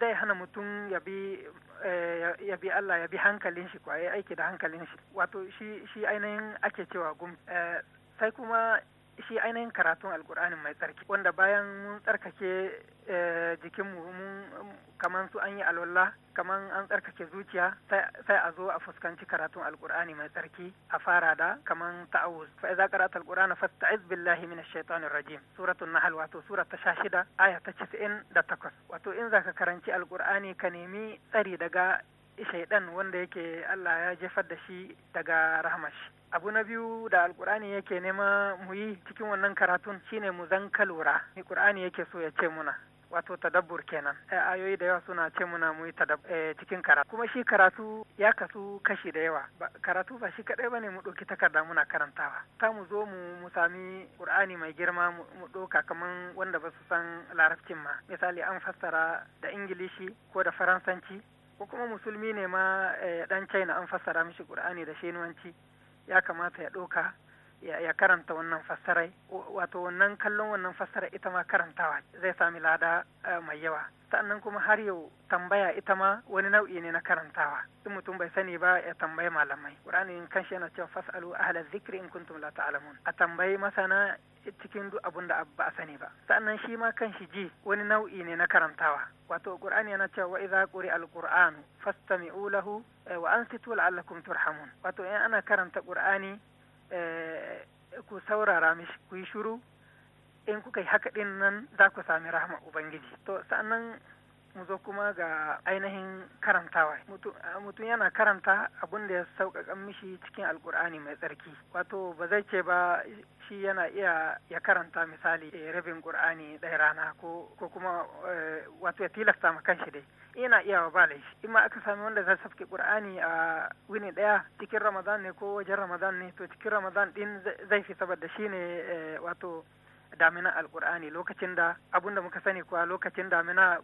zai hana mutum ya bi eh, Allah ya bi hankalin shi kwaye aiki da hankalin shi wato shi ainihin ake cewa gumki eh, sai kuma shi ainihin karatun alkur'ani mai tsarki wanda bayan mun tsarkake eh, jikinmu mu kaman su an yi alwala kaman an tsarkake zuciya sai a zo a fuskanci karatun alkur'ani mai tsarki a fara da kaman ta'awuz fa iza qara'ta alqur'ana fasta'iz billahi minash shaitanir rajim suratul nahl wato surat ta 16 aya ta 98 wato in zaka karanci alkur'ani ka nemi tsari daga shaidan wanda yake Allah ya jefar da shi daga rahmashi abu na biyu da alkur'ani yake nema mu yi cikin wannan karatun shine mu zanka lura alkur'ani yake so ya ce muna wato tadabbur kenan eh, ayoyi da yawa suna ce muna mu yi eh, cikin karatu kuma shi karatu ya kasu kashi da yawa karatu ba shi kadai bane mu ɗauki takarda muna karantawa ta mu zo mu mu sami qur'ani mai girma mu ɗauka kaman wanda ba su san larabcin ma misali an fassara da ingilishi ko da faransanci ko kuma musulmi ne ma eh, ɗan china an fassara mishi kur'ani da shenuwanci ya kamata ya ɗauka ya karanta wannan fassarai wato wannan kallon wannan fassara ita ma karantawa zai sami lada eh, mai yawa sannan kuma har yau tambaya ita ma wani nau'i ne na karantawa in mutum bai sani ba ya tambayi malamai qur'ani in kanshi yana cewa fasalu ahla zikri in kuntum la ta'lamun a tambayi masana cikin duk abun da ba a sani ba sannan shi ma kanshi ji wani nau'i ne na karantawa wato qur'ani yana cewa wa idza quri'a al fastami'u lahu eh, wa ansitu la'allakum turhamun wato in ana karanta qur'ani Eh, ku saurara mishi ku yi shuru in kuka yi haka ɗin nan za ku sami rahama ubangiji to sannan mu zo kuma ga ainihin karantawa eh, mutum yana karanta abin da ya sauƙaƙa mishi cikin Alƙur'ani mai tsarki wato ba zai ce ba shi yana iya ya karanta misali eh, rabin ƙur'ani ɗaya rana ko kuma wato ya tilasta ma kanshi dai yana iya wa da in ma aka sami wanda zai safke qur'ani a wuni daya cikin ramadan ne ko wajen ramadan ne to cikin ramadan din zai fi saboda shine eh, wato damina alkur'ani lokacin da abinda muka sani kuwa lokacin damina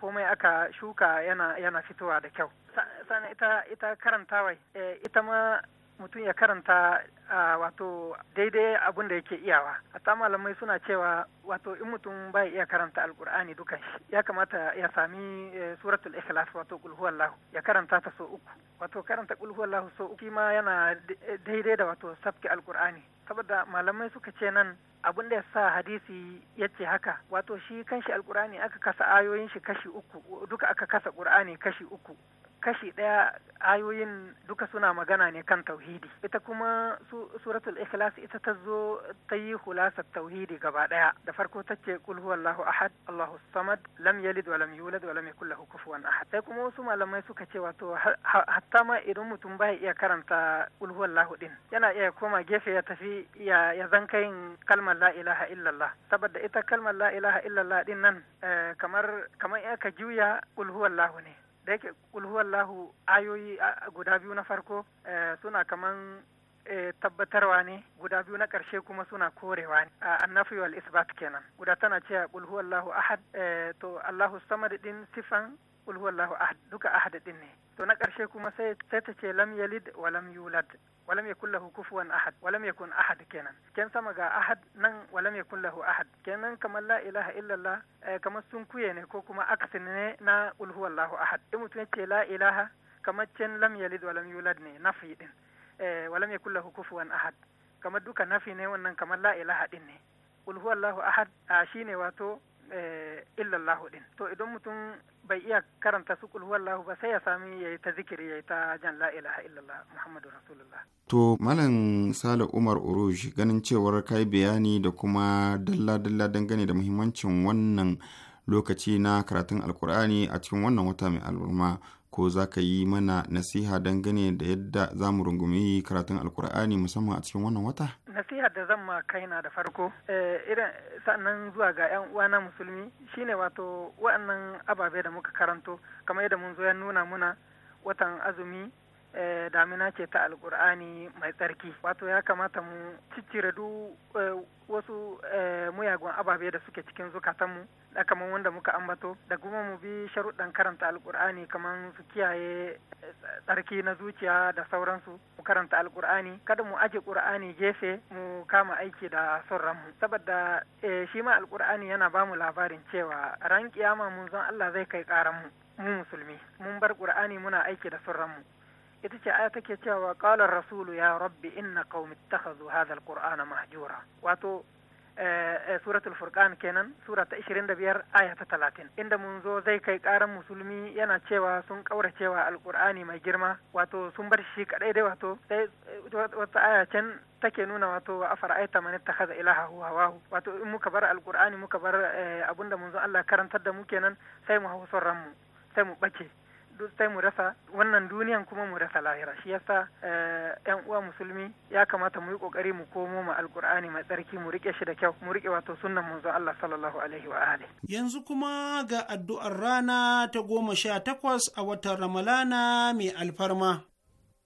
komai aka shuka yana fitowa da kyau sannan ita ita eh, ita ma mutum ya karanta wato daidai abin da yake iyawa a ta malamai suna cewa wato in mutum bai iya karanta alkur'ani dukan shi ya kamata ya sami eh, suratul ikhlas wato kul ya karanta ta so uku wato karanta kul lahu so uku ma yana eh, daidai da wato sabki alkur'ani saboda malamai suka ce nan abin da ya sa hadisi ya ce haka wato shi kanshi alkur'ani aka kasa ayoyin shi kashi uku duka aka kasa qur'ani kashi uku kashi ɗaya ayoyin duka suna magana ne kan tauhidi ita kuma suratul ikhlas ita ta zo ta yi hulasar tauhidi gaba ɗaya da farko ta ce kul huwallahu ahad allahu samad lam yalid wa lam yulad wa lam yakul lahu kufuwan ahad sai kuma wasu malamai suka ce wato hatta ma idan mutum bai iya karanta kul huwallahu din yana iya koma gefe ya tafi ya ya zanka yin kalmar la ilaha illallah saboda ita kalmar la ilaha illallah din nan eh, kamar kamar ka juya kul huwallahu ne da yake kulhuwallahu ayoyi guda biyu na farko eh, suna kaman eh, tabbatarwa ne guda biyu na ƙarshe kuma suna korewa ne a annafi wal isbat kenan guda tana cewa kulhuwallahu ahad eh, to allahu samad din sifan kulhuwallahu ahad duka ahad din ne to na ƙarshe kuma sai sai ta ce lam yalid wa lam yulad wa lam yakul lahu kufuwan ahad wa lam yakun ahad kenan ken sama ga ahad nan wa lam yakul lahu ahad kenan kamar la ilaha illallah eh, kamar sun kuye ne ko kuma aksin ne na qul huwallahu ahad in mutum ce la ilaha kamar can lam yalid wa lam yulad ne nafi din eh, wa lam yakul lahu kufuwan ahad kamar duka nafi ne wannan kamar la ilaha din ne qul huwallahu ahad a shine wato Eh, illallahu din to idan mutum bai iya karanta su kul ba sai ya sami yayi ta zikiri ya yi ta jan la ilaha illallah muhammadu rasulullah to malam sale umar uruj ganin cewar kai bayani da kuma dalla dalla dangane da muhimmancin wannan lokaci na karatun alkur'ani a cikin wannan wata mai al'umma ko za ka yi mana nasiha dangane da yadda za mu rungumi karatun alkur'ani musamman a cikin wannan wata? nasihar da zan ma na da farko eh, irin sannan zuwa ga yan uwana musulmi shine wato wa'annan ababe da muka karanto kamar yadda mun zo ya nuna muna watan azumi eh, damina ce ta alkur'ani mai tsarki wato ya kamata mu ciccire duk eh, wasu muyagun ababe da suke cikin zukatanmu kamar wanda muka ambato da kuma mu bi sharuɗan karanta alkur'ani kamar su kiyaye eh, tsarki na zuciya da sauransu mu karanta alkur'ani kada mu aje ƙur'ani gefe mu kama aiki da son ranmu saboda eh, shi ma alkur'ani yana ba mu labarin cewa ran kiyama mun zan Allah zai kai ƙaran mu mu musulmi mun bar ƙur'ani muna aiki da son ranmu ita ce aya take cewa qala rasulu ya rabbi inna qaumi ittakhadhu hadha alqur'ana mahjura wato suratul furqan kenan sura ta 25 aya ta talatin inda mun zai kai karan musulmi yana cewa sun kauracewa alqur'ani mai girma wato sun bar shi kadai dai wato sai wata aya can take nuna wato wa afara'aita man ittakhadha ilaha huwa hawahu wato in muka bar alƙur'ani muka bar abinda da zo Allah karantar da mu kenan sai mu hawo son mu sai mu bace duk sai mu rasa wannan duniyan kuma mu rasa lahira shi yasa yan eh, uwa musulmi ya kamata mu yi kokari mu komo mu alqur'ani mai tsarki mu rike shi da kyau mu rike wato sunnan manzo Allah sallallahu alaihi wa ali yanzu kuma ga addu'ar rana ta goma sha takwas a watan ramalana mai alfarma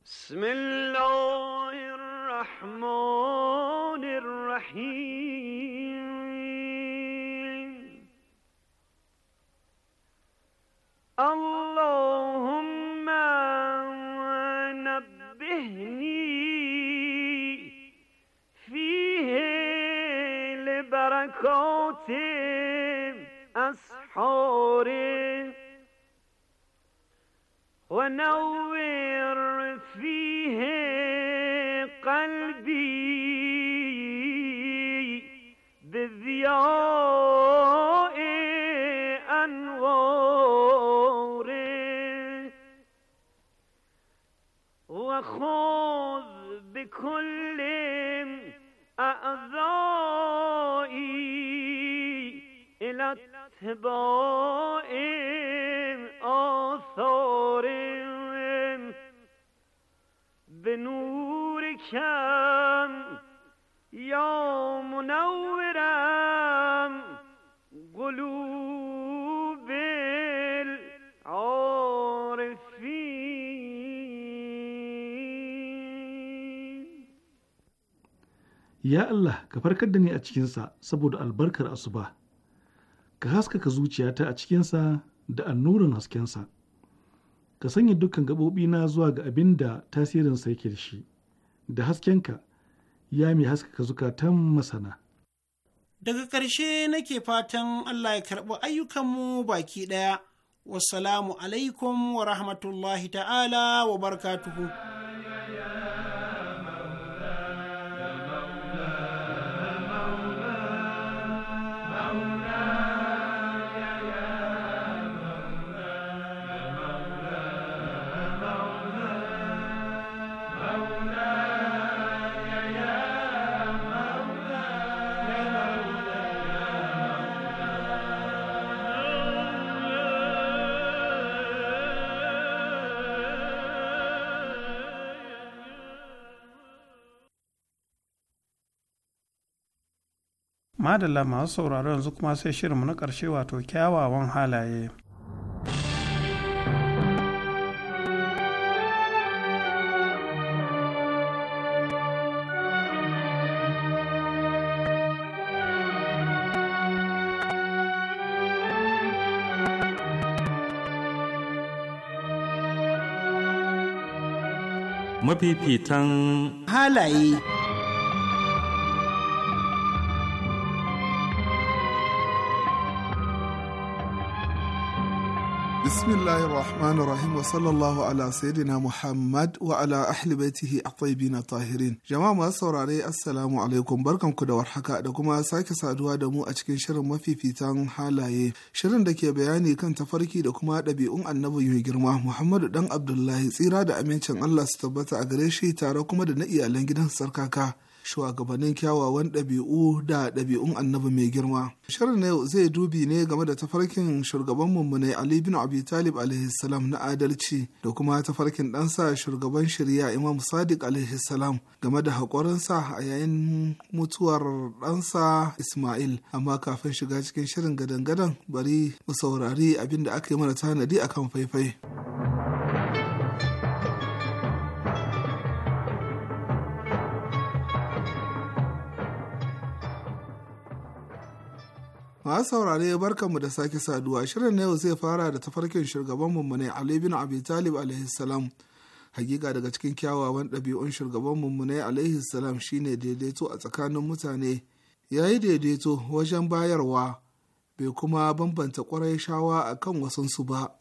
bismillahir rahmanir rahim اللهم نبهني فيه لبركات أسحار ونور فيه قلبي بذيار و خذ به کل اتباع آثار به نور کم یا منورم قلوب Ya Allah ka farkar da ni a cikinsa saboda albarkar asuba, ka haskaka zuciyata a cikinsa da annurin haskensa, ka sanya dukkan gaɓoɓina zuwa ga abin da tasirin yake da shi, da haskenka ya mai haskaka zukatan masana. Daga ƙarshe nake fatan Allah ya karɓi ayyukanmu baki ɗaya. Wassalamu alaikum wa rahmatullahi ta'ala wa barkatuhu. madalla masu sauraro yanzu kuma sai shirinmu na ƙarshe wato kyawawan halaye mafifitan halaye الرحمن الرحيم ala الله Muhammad wa ala وعلى أهل بيته na الطاهرين Jama'a ما saurare assalamu alaikum barkanku da warhaka da kuma sake saduwa da mu a cikin shirin mafifitan halaye shirin da ke bayani kan tafarki da kuma ɗabi'un annabi mai girma Muhammadu dan Abdullahi tsira da amincin Allah su tabbata a gare shi tare kuma da na iyalan gidan sarkaka shugabannin kyawawan ɗabi'u da ɗabi'un annabi mai girma. Shirin na yau zai dubi ne game da tafarkin shugaban mummunai Ali bin Abi Talib alaihissalam na adalci da kuma tafarkin ɗansa shugaban shirya Imam Sadiq alaihissalam game da haƙorinsa a yayin mutuwar ɗansa Ismail. Amma kafin shiga cikin shirin gadan-gadan bari mu saurari abin da aka yi mana tanadi akan faifai. ma saurare barka mu da sake saduwa shirin na yau zai fara da tafarkin shugaban mummune ali bin abi talib alaihi salam hakika daga cikin kyawawan ɗabi'un shugaban mummune alaihi salam shine daidaito a tsakanin mutane yayi daidaito wajen bayarwa bai kuma bambanta kwarai shawa a kan wasansu ba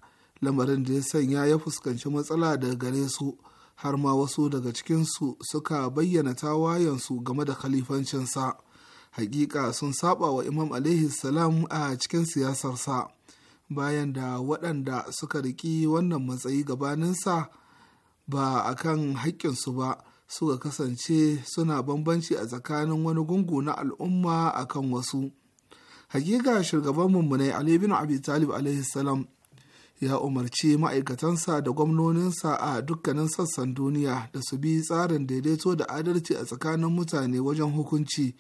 lamarin da ya sanya ya fuskanci matsala da gare su har ma wasu daga cikinsu suka bayyana tawayensu game da khalifancinsa hakika sun saba wa imam alaihi salam a cikin siyasarsa bayan da waɗanda suka riƙi wannan matsayi gabaninsa ba a kan haƙƙinsu ba suka kasance suna bambanci a tsakanin wani gungu na al'umma a kan wasu hakika shugaban mummunai ali bin abi talib alaihi salam ya umarci ma'aikatansa da gwamnoninsa a dukkanin sassan duniya da su bi tsarin daidaito da adalci a tsakanin mutane wajen hukunci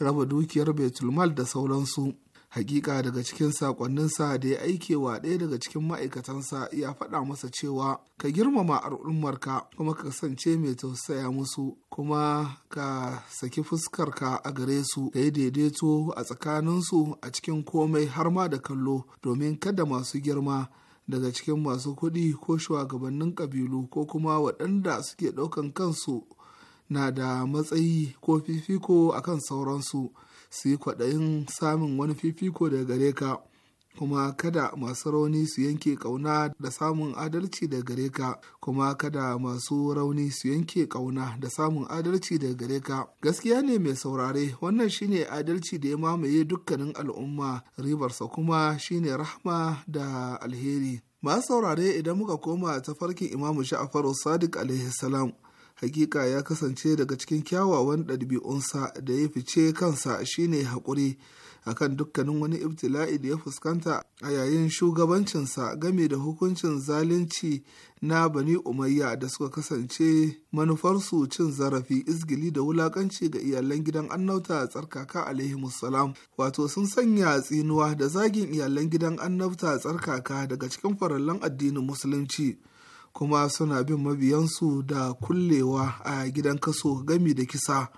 raba dukiyar betulmal da sauransu hakika daga cikin sakonninsa da ya aike wa ɗaya daga cikin ma'aikatansa ya faɗa masa cewa ka girmama al'ummarka kuma ka kasance mai tausaya musu kuma ka saki fuskarka a gare su ka yi daidaito a tsakaninsu a cikin komai har ma da kallo domin kada masu girma daga cikin masu kuɗi ko shugabannin ƙabilu ko kuma waɗanda suke ɗaukan kansu na da matsayi ko fifiko a kan sauransu su yi kwaɗayin samun wani fifiko daga gare ka kuma kada masu rauni su yanke ƙauna da samun adalci daga gare ka kuma kada masu rauni su yanke ƙauna da samun adalci daga gare ka gaskiya ne mai saurare wannan shine adalci da ya mamaye dukkanin al'umma ribarsa kuma shine rahma da alheri masu saurare idan muka koma tafarkin imamu sha'afar sadiq alaihi hakika ya kasance daga cikin kyawawan ɗabi'unsa da ya fice kansa shine haƙuri akan dukkanin wani ibtila'i da ya fuskanta a yayin shugabancinsa game da hukuncin zalunci na bani umayya da suka kasance manufarsu cin zarafi izgili da wulakanci ga iyalan gidan annabta tsarkaka alaihimussalam wato sun sanya tsinuwa da zagin iyalan gidan annabta tsarkaka daga cikin farallan addinin musulunci kuma suna bin mabiyansu da kullewa a gidan kaso gami da kisa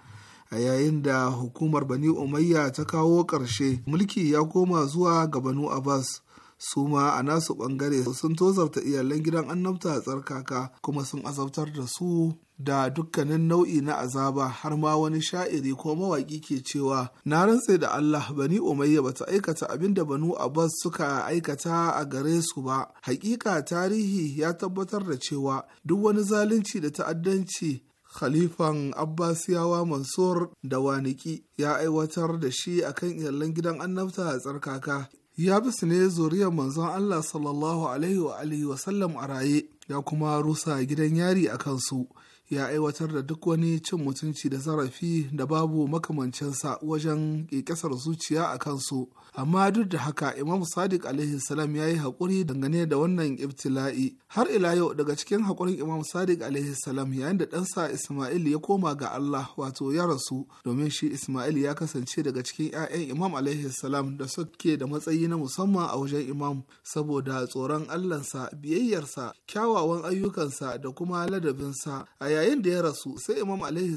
a yayin da hukumar bani umayya ta kawo ƙarshe mulki ya koma zuwa ga banu abbas su ma a nasu ɓangare sun tozarta iyalan gidan annabta tsarkaka kuma sun azabtar da su da dukkanin nau'i na azaba har ma wani sha'iri ko mawaƙi ke cewa na rantse da Allah bani umayya bata aikata abin da banu abbas suka aikata a gare su ba hakika tarihi ya tabbatar da cewa duk wani zalunci da ta'addanci Khalifan Abbasiyawa Mansur da Waniki ya aiwatar da shi akan iyalan gidan annabta a tsarkaka ya bisu ne zuriyar manzon Allah sallallahu alaihi wa alihi wa sallam a raye ya kuma rusa gidan yari a kansu ya aiwatar da duk wani cin mutunci da zarafi da babu makamancinsa wajen ƙiƙasar zuciya a kansu amma duk da haka imam sadiq alaihi salam ya yi haƙuri dangane da wannan ibtila'i har ila yau daga cikin haƙurin imam sadiq alaihi salam yayin da ɗansa isma'il ya koma ga allah wato ya rasu domin shi isma'il ya kasance daga cikin 'ya'yan imam alaihi salam da suke da matsayi na musamman a wajen imam saboda tsoron allahnsa biyayyarsa kyawawan ayyukansa da kuma ladabinsa a yayin da ya rasu sai imam alaihi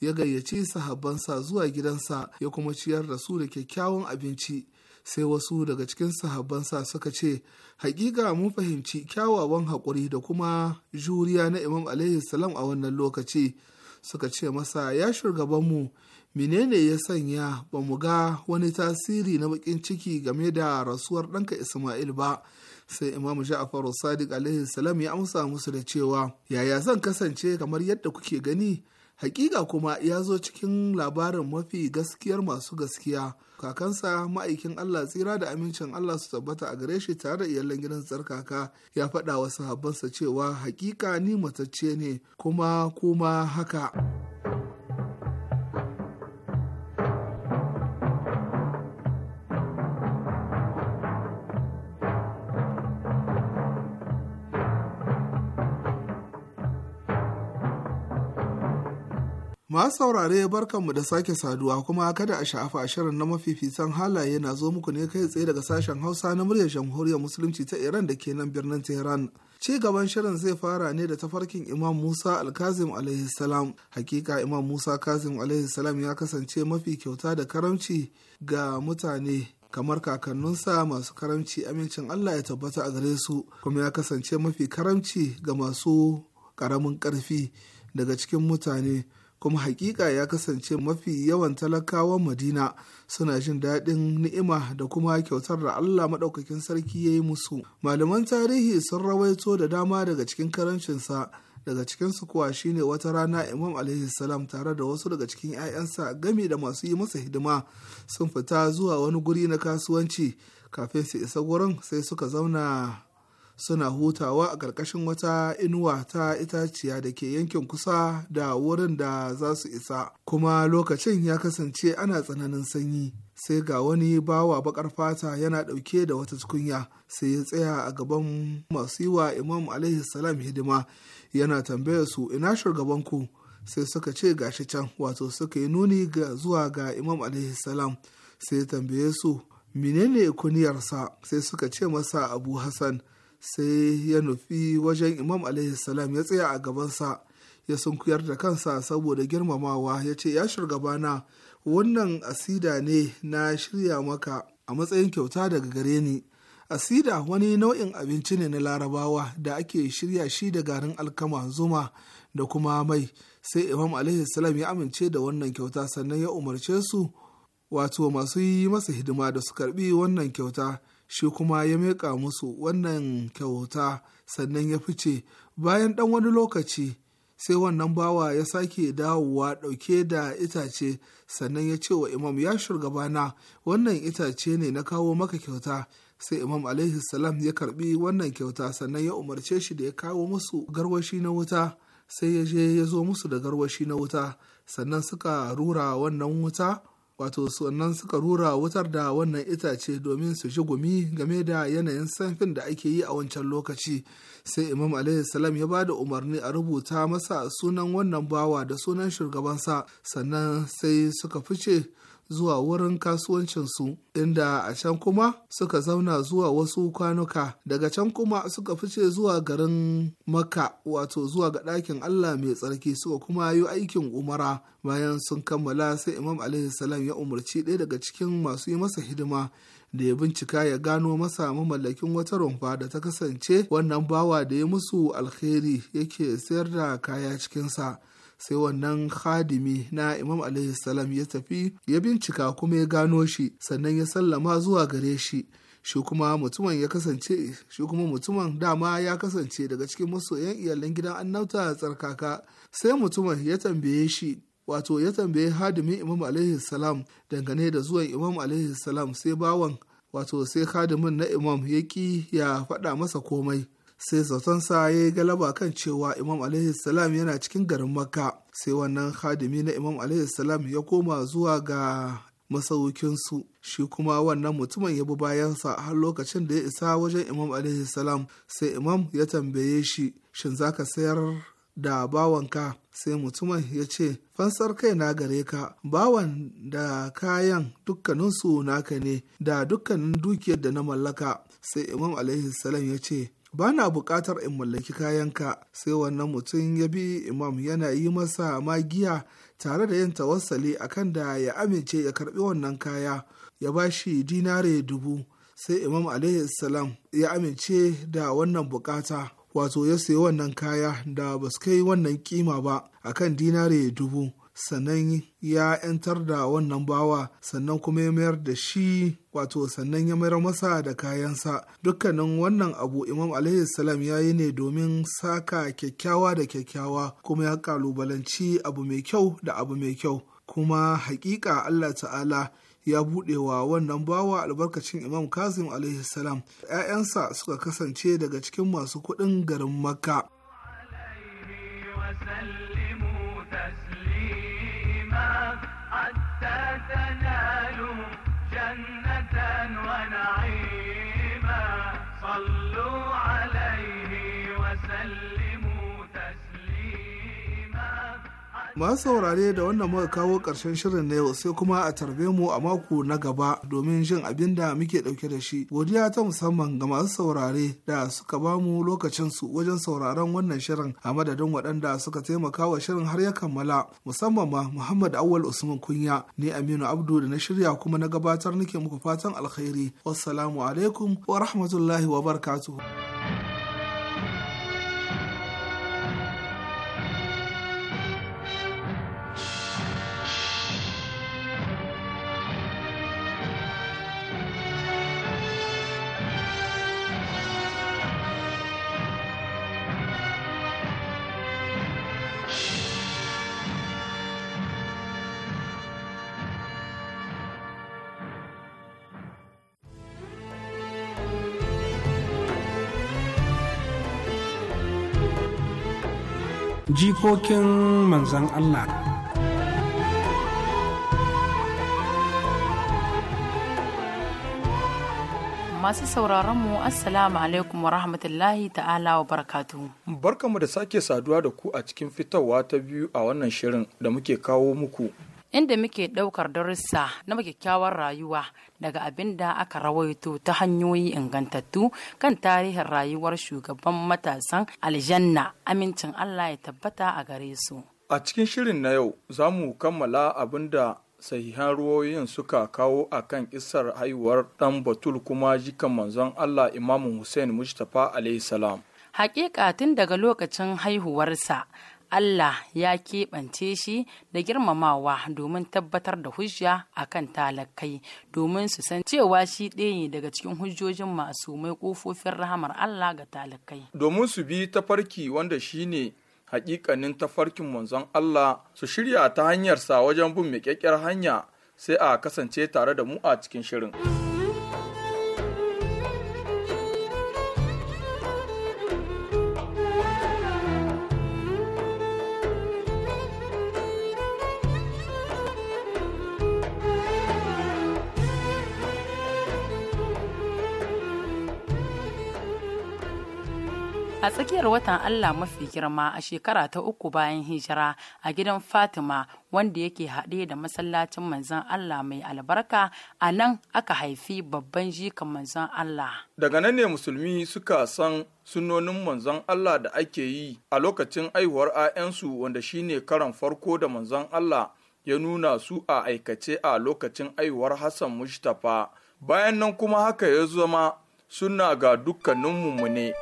ya gayyaci sahabbansa zuwa gidansa ya kuma ciyar da su da kyakkyawan abinci sai wasu daga cikin sahabbansa suka ce hakika mun fahimci kyawawan haƙuri da kuma juriya na imam alaihi a wannan lokaci suka ce masa ya shugabanmu menene ya sanya ba mu ga wani tasiri na bakin ciki game da rasuwar ɗanka isma'il ba sai imamu ja'faru sadiq alaihi salam ya amsa musu da cewa yaya zan kasance kamar yadda kuke gani hakika kuma ya zo cikin labarin mafi gaskiyar masu gaskiya kakansa ma'aikin Allah tsira da amincin Allah su tabbata a gare shi tare da iyalan gidan tsarkaka ya faɗa wa sahabbansa cewa hakika ni matacce ne kuma kuma haka. Ma saurare barkanmu da sake saduwa kuma kada a sha'afa shirin na mafificin halaye na zo muku ne kai tsaye daga sashen Hausa na muryar jamhuriyar Musulunci ta Iran da ke nan birnin Tehran. Ci gaban shirin zai fara ne da tafarkin Imam Musa Alkazim alaihi salam. Hakika Imam Musa Kazim alaihi salam ya kasance mafi kyauta da karamci ga mutane kamar kakanninsa masu karamci amincin Allah ya tabbata a gare su kuma ya kasance mafi karamci ga masu karamin karfi daga cikin mutane. kuma hakika ya kasance mafi yawan talakawan madina suna jin daɗin ni'ima da kuma kyautar da allah maɗaukakin sarki ya yi musu malaman tarihi sun rawaito da dama daga cikin karancinsa daga cikinsu kuwa shine wata rana imam alaihi salam tare da wasu daga cikin 'ya'yansa gami da masu yi masa hidima sun fita zuwa wani guri na kasuwanci kafin su isa gurin sai suka zauna suna hutawa a ƙarƙashin wata inuwa ta itaciya da ke yankin kusa da wurin da za su isa kuma lokacin ya kasance ana tsananin sanyi sai ga wani bawa baƙar fata yana ɗauke da wata tukunya sai ya tsaya a gaban masu yi wa imam salam hidima yana tambaya su ina shugabanku sai suka ce gashi can wato suka yi nuni ga zuwa ga imam salam sai ya tambaye su menene kuniyarsa sai suka ce masa abu hassan sai ya nufi wajen imam salam ya tsaya a gabansa ya sunkuyar da kansa saboda girmamawa ya ce ya shugabana wannan asida ne na shirya maka a matsayin kyauta daga gare ni asida wani nau'in abinci ne na larabawa da ake shirya shi da garin alkama zuma da kuma mai sai imam salam ya amince da wannan kyauta sannan ya umarce su wato masu yi masa hidima da su karbi wannan kyauta shi kuma ya miƙa musu wannan kyauta sannan ya fice bayan ɗan wani lokaci sai wannan bawa ya sake dawowa ɗauke da itace sannan ya ce wa imam ya shugabana wannan itace ne na kawo maka kyauta sai imam salam ya karbi wannan kyauta sannan ya umarce shi da ya kawo musu garwashi na wuta sai ya je ya zo musu da garwashi na wuta sannan suka rura wannan wuta wato sannan suka rura wutar da wannan itace domin su ji gumi game da yanayin sanfin da ake yi a wancan lokaci sai imam alaihi salam ya ba da umarni a rubuta masa sunan wannan bawa da sunan shugabansa sannan sai suka fice zuwa wurin kasuwancinsu inda a can kuma suka zauna zuwa wasu kwanuka daga can kuma suka fice zuwa garin makka wato zuwa ga ɗakin allah mai tsarki suka kuma yi aikin umara bayan sun kammala sai imam salam ya umarci ɗaya daga cikin masu yi masa hidima da ya bincika ya gano masa mamallakin wata rumfa da ta kasance wannan bawa da ya musu alkhairi yake sayar da kaya cikinsa sai wannan hadimi na imam alaihi salam ya tafi ya bincika kuma ya gano shi sannan ya sallama zuwa gare shi shi kuma mutumin ya kasance shi kuma mutumin dama ya kasance daga cikin masoyan iyalan gidan annabta tsarkaka sai mutumin ya tambaye shi wato ya tambaye hadimin imam alaihi salam dangane da zuwan imam alaihi salam sai bawan wato sai hadimin na imam ya ki ya faɗa masa komai sai sa ya yi galaba kan cewa imam alaihi salam yana cikin garin makka sai wannan hadimi na imam alaihi salam ya koma zuwa ga masaukinsu shi kuma wannan mutumin ya bi bayansa har lokacin da ya isa wajen imam alaihi salam sai imam ya tambaye shi shin zaka sayar da bawanka sai mutumin ya ce fansar kai na gare ka bawan da kayan dukkaninsu naka ne da dukkanin dukiyar da na mallaka sai imam alaihi salam ya ce ba na buƙatar in mallaki kayanka sai wannan mutum ya bi imam yana yi masa magiya tare da yin tawassali akan da ya amince ya karbi wannan kaya ya ba shi dinare dubu sai imam alaihi salam ya amince da wannan bukata wato ya sayi wannan kaya da ba su kai wannan kima ba akan dinare dubu sannan ya ‘yantar da wannan bawa sannan kuma ya mayar da shi wato sannan ya mayar masa da kayansa dukkanin wannan abu imam alaihi salam ya yi ne domin saka kyakkyawa da kyakkyawa kuma ya kalubalanci abu mai kyau da abu mai kyau kuma hakika allah ta'ala ya buɗe wa wannan bawa albarkacin imam kazim alaihi salam 'ya'yansa suka kasance daga cikin masu kuɗin garin makka حتى تنالوا جنة ونعيم masu saurare da wannan muka kawo ƙarshen shirin na yau sai kuma a tarbe mu a mako na gaba domin jin abin da muke ɗauke da shi godiya ta musamman ga masu saurare da suka ba mu lokacinsu wajen sauraron wannan shirin a madadin waɗanda suka taimaka wa shirin har ya kammala musamman ma muhammad awal usman kunya ni aminu abdu da na shirya kuma na gabatar nake muku fatan alkhairi wassalamu alaikum wa rahmatullahi wa barakatuhu jikokin manzan Allah. Masu sauraronmu Assalamu alaikum wa rahmatullahi ta'ala wa barkatu. Barkanmu da sake saduwa da ku a cikin fitowa ta biyu a wannan shirin da muke kawo muku inda muke ɗaukar darussa na kyakkyawar rayuwa daga abin da aka rawaito ta hanyoyi ingantattu kan tarihin rayuwar shugaban matasan aljanna amincin Allah ya tabbata a gare su. A cikin shirin na yau za mu kammala abin da sahihan ruwoyin suka kawo a kan kisar haihuwar ɗan batul kuma jikan manzon Allah imamu Hussein Mustapha alaihi salam. Hakika tun daga lokacin haihuwarsa Allah ya keɓance shi da girmamawa domin tabbatar da hujja a kan talakai domin su san cewa shi ɗaya ne daga cikin hujjojin masu mai ƙofofin rahamar Allah ga talakai. Domin su bi tafarki wanda shi ne hakikanin tafarkin manzon Allah su shirya ta hanyarsa wajen bin miƙaƙƙiyar hanya sai a kasance tare da mu a cikin shirin. tsakiyar watan Allah mafi girma a shekara ta uku bayan hijira a gidan Fatima wanda yake haɗe da masallacin manzon Allah mai albarka a nan aka haifi babban jikan manzon Allah. Daga nan ne musulmi suka san sunonin manzon Allah da ake yi a lokacin aihuwar 'ya'yansu wanda shine karan farko da manzon Allah ya nuna su a aikace a lokacin aihuwar Hassan Mustapha. Bayan nan kuma haka ya zama suna ga dukkanin mummune. ne.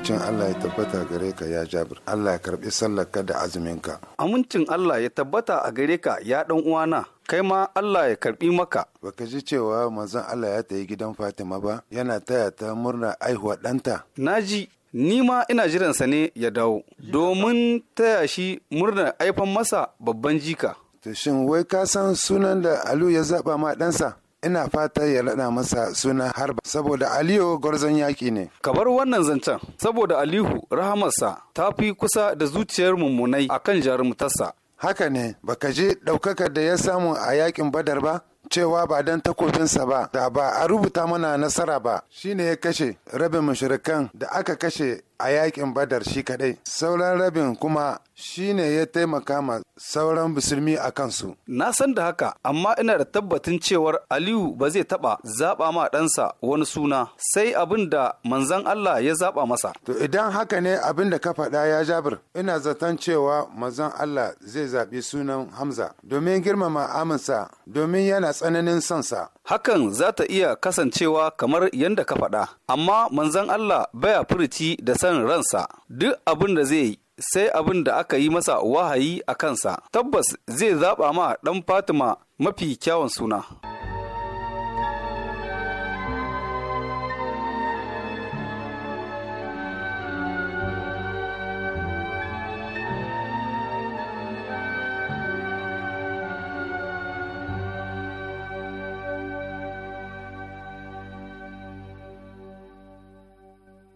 Amincin Allah ya tabbata gare ka ya Jabir. Allah ya karbi sallarka da azuminka. Amincin Allah ya tabbata a gare ka ya dan uwana. kai ma Allah ya karbi maka. Baka ji cewa manzon Allah ya tayi gidan Fatima ba, yana taya ta murna aihuwa ɗanta. Na ji, ni ma ina jiransa ne ya dawo, domin taya shi murna aifan masa babban jika. To shin wai ka san sunan da Alu ya zaɓa ma ɗansa? ina fata ya raɗa masa suna harba saboda aliyu gwarzon yaƙi ne kabar wannan zancen saboda alihu rahamarsa ta fi kusa da zuciyar mummunai a akan jarumtarsa haka ne baka je ɗaukakar da ya samu a yaƙin badar ba cewa ba don takobinsa ba da ba a rubuta mana nasara ba shine ya kashe rabin mashirikan da aka kashe a yakin badar shi kadai sauran rabin kuma shi ne ya taimaka ma sauran musulmi a kansu na san da haka amma ina da tabbatin cewar aliyu ba zai taba zaba ma ɗansa wani suna sai abin da manzan allah ya zaba masa to idan haka ne abin da ka faɗa ya jabir ina zaton cewa manzan allah zai zaɓi sunan hamza domin girmama aminsa domin yana tsananin sansa hakan za ta iya kasancewa kamar yadda ka faɗa amma manzon Allah baya furici da san ransa duk abin da zai yi sai abin da aka yi masa wahayi a kansa tabbas zai zaɓa ma ɗan fatima mafi kyawun suna.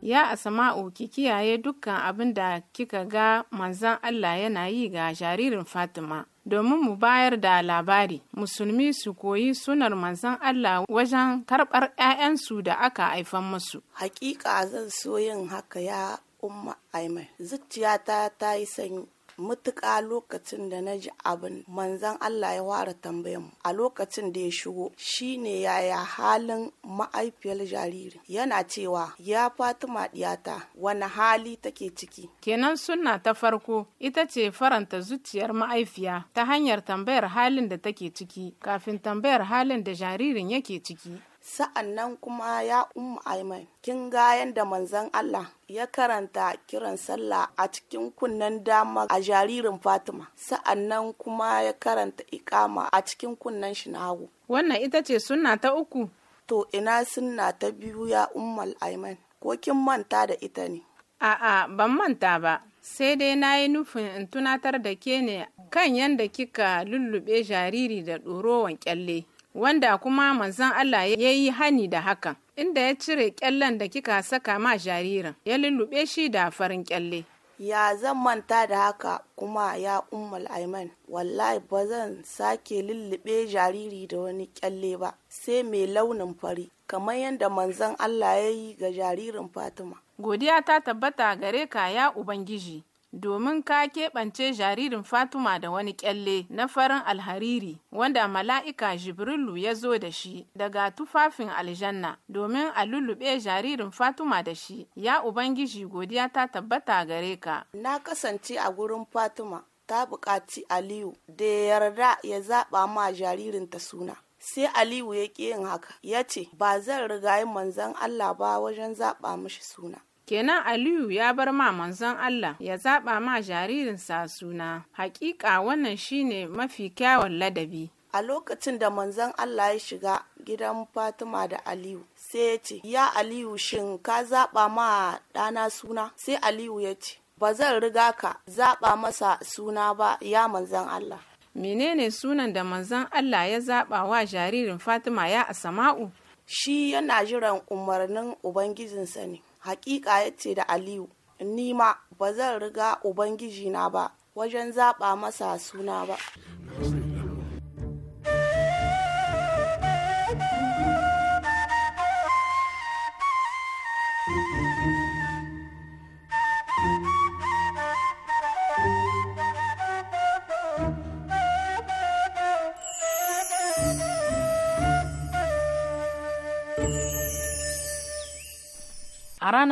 Ya Asama'u ki kiyaye dukkan abin da kika ga manzan Allah yana yi ga jaririn Fatima. Domin mu bayar da labari, musulmi su koyi sunar manzan Allah wajen karɓar 'ya'yansu da aka haifan musu. Hakika zan so yin haka ya umma aimai. Zuciyata ta yi sanyi mutuƙa lokacin da na ji abin manzan Allah ya fara tambayan a lokacin da ya shigo shine yaya halin ma'aifiyar jariri yana cewa ya Fatima diyata wani hali take ciki kenan sunna ta farko ita ce faranta zuciyar ma'aifiya ta hanyar tambayar halin da take ciki kafin tambayar halin da jaririn yake ciki sa'annan kuma ya umu aiman kin ga yadda manzon Allah ya karanta kiran sallah a cikin kunnen dama a jaririn Fatima sa'annan kuma ya karanta ikama a cikin kunnen shi na hagu wannan ita ce sunna ta uku to ina sunna ta biyu ya ummal aiman ko kin manta da ita ne a'a ban manta ba sai dai na yi nufin in tunatar da ke ne kan yadda kika lullube jariri da ɗorowan kyalle wanda kuma manzon Allah ya yi hani da hakan, inda ya cire kyallen da kika saka ma jaririn, ya lullube shi da farin kyalle. Ya zan manta da haka kuma ya ummal aiman wallahi ba zan sake lullube jariri da wani kyalle ba sai mai launin fari kamar yadda manzon Allah ya yi ga jaririn Fatima. Godiya ta tabbata gare ka ya Ubangiji. domin ka keɓance jaririn Fatima da wani ƙyalle na farin alhariri wanda mala'ika Jibrilu ya zo da shi daga tufafin aljanna domin a lullube jaririn Fatima da shi. Ya Ubangiji godiya ta tabbata gare ka. Na kasance a gurin Fatima ta buƙaci Aliyu da yarda ya zaɓa ma jaririnta suna. sai Aliyu ya ƙi yin haka ya ce ba zan rigayi manzan Allah ba wajen zaɓa mishi suna. kenan Aliyu ya bar ma manzon Allah ya zaɓa ma jaririn sa suna. Hakika wannan shine mafi kyawun ladabi. A lokacin da manzon Allah ya shiga gidan Fatima da Aliyu, sai ya ce, Ya Aliyu shin ka zaɓa ma ɗana suna? Sai Aliyu ya ce, Ba zan riga ka zaɓa masa suna ba ya manzon Allah. Menene sunan da manzon Allah ya zaɓa wa jaririn Fatima ya Asama'u? Shi yana jiran umarnin Ubangijinsa ne. hakika ya ce da aliyu nima ba zan riga ubangiji na ba wajen zaɓa masa suna ba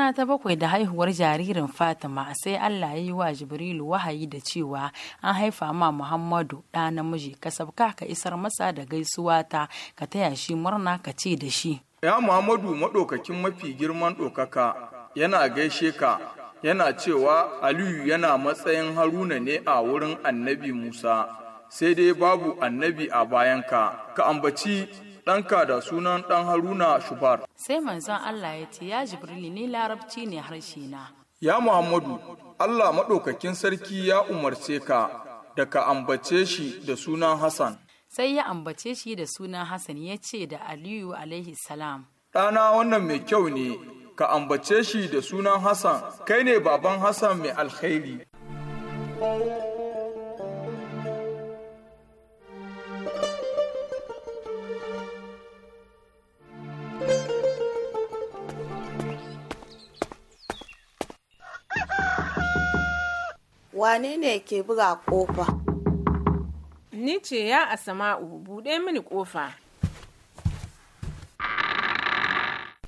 rana ta bakwai da haihuwar jaririn Fatima sai Allah ya yi wa Jibrilu wahayi da cewa an haifa ma Muhammadu ɗa namiji ka sabka ka isar masa da gaisuwa ta ka taya shi murna ka ce da shi. Ya Muhammadu maɗaukakin mafi girman ɗaukaka yana gaishe ka yana cewa Aliyu yana matsayin Haruna ne a wurin annabi Musa sai dai babu annabi a bayan ka ka ambaci ɗanka da sunan ɗan Haruna Shubar. Sai manzon Allah ya ce, Ya Jibrili ni larabci ne harshe na. Ya Muhammadu, Allah maɗaukakin sarki ya umarce ka da ka ambace shi da sunan Hassan. Sai ya ambace shi da sunan Hassan ya ce da Aliyu alaihi salam. Ɗana wannan mai kyau ne, ka ambace shi da sunan Hassan, kai ne baban Hassan mai alkhairi. wane ne ke buga kofa ni ce ya asama'u buɗe mini kofa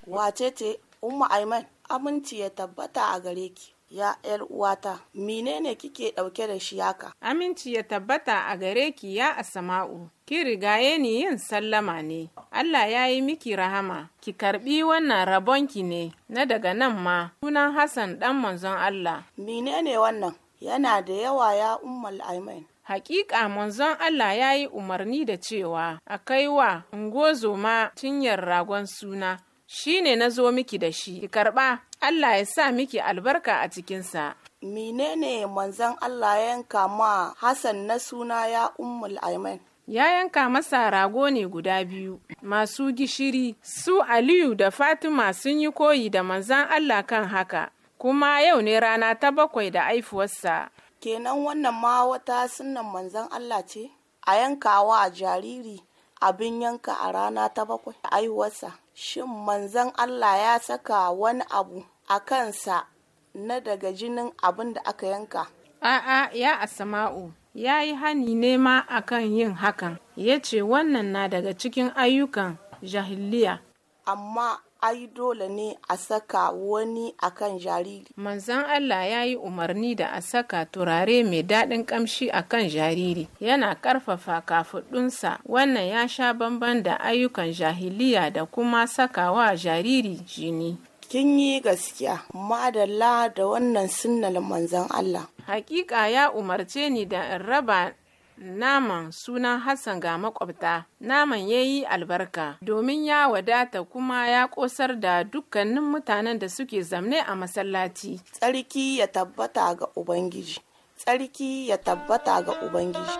wace ce umma aiman aminci ya tabbata a gare ki ya yar uwata menene kike ɗauke da shi haka aminci ya tabbata a gare ki ya asama'u ki rigaye ni yin sallama ne Allah ya yi miki rahama ki karbi wannan rabonki ne na daga nan ma sunan Hassan ɗan manzon Allah menene wannan yana da yawa ya ummal aiman Hakika manzon Allah ya yi umarni da cewa a kai wa ungozoma cinyar ragon suna shi ne na zo miki da shi ki karɓa Allah ya sa miki albarka a cikinsa. Menene manzon Allah ya yanka ma Hassan na suna ya ummul aiman? Ya yanka masa rago ne guda biyu masu gishiri su Aliyu da Fatima sun yi koyi da manzon Allah kan haka. kuma yau ne rana ta bakwai da aifuwarsa. Kenan wannan ma wata sunan manzan Allah ce, a yankawa a jariri abin yanka a rana ta bakwai da aihuwarsa. Shin manzan Allah ya saka wani abu a kansa na daga jinin abin da aka yanka? A'a ya asama'u. ya yi hani nema a kan yin hakan ya ce wannan na daga cikin ayyukan jahiliya amma ai dole ne a saka wani akan jariri. Manzan Allah ya yi umarni da a saka turare mai daɗin ƙamshi kan jariri yana ƙarfafa kafuɗunsa, wannan ya sha bamban da ayyukan jahiliya da kuma sakawa jariri jini. Kin yi gaskiya, madalla da wannan sunnal manzan Allah. Hakika ya umarce ni da in raba naman sunan Hassan ga makwabta, naman ya yi albarka domin ya wadata kuma ya kosar da dukkanin mutanen da suke zamne a masallaci. Tsarki ya tabbata ga Ubangiji, tsarki ya tabbata ga Ubangiji.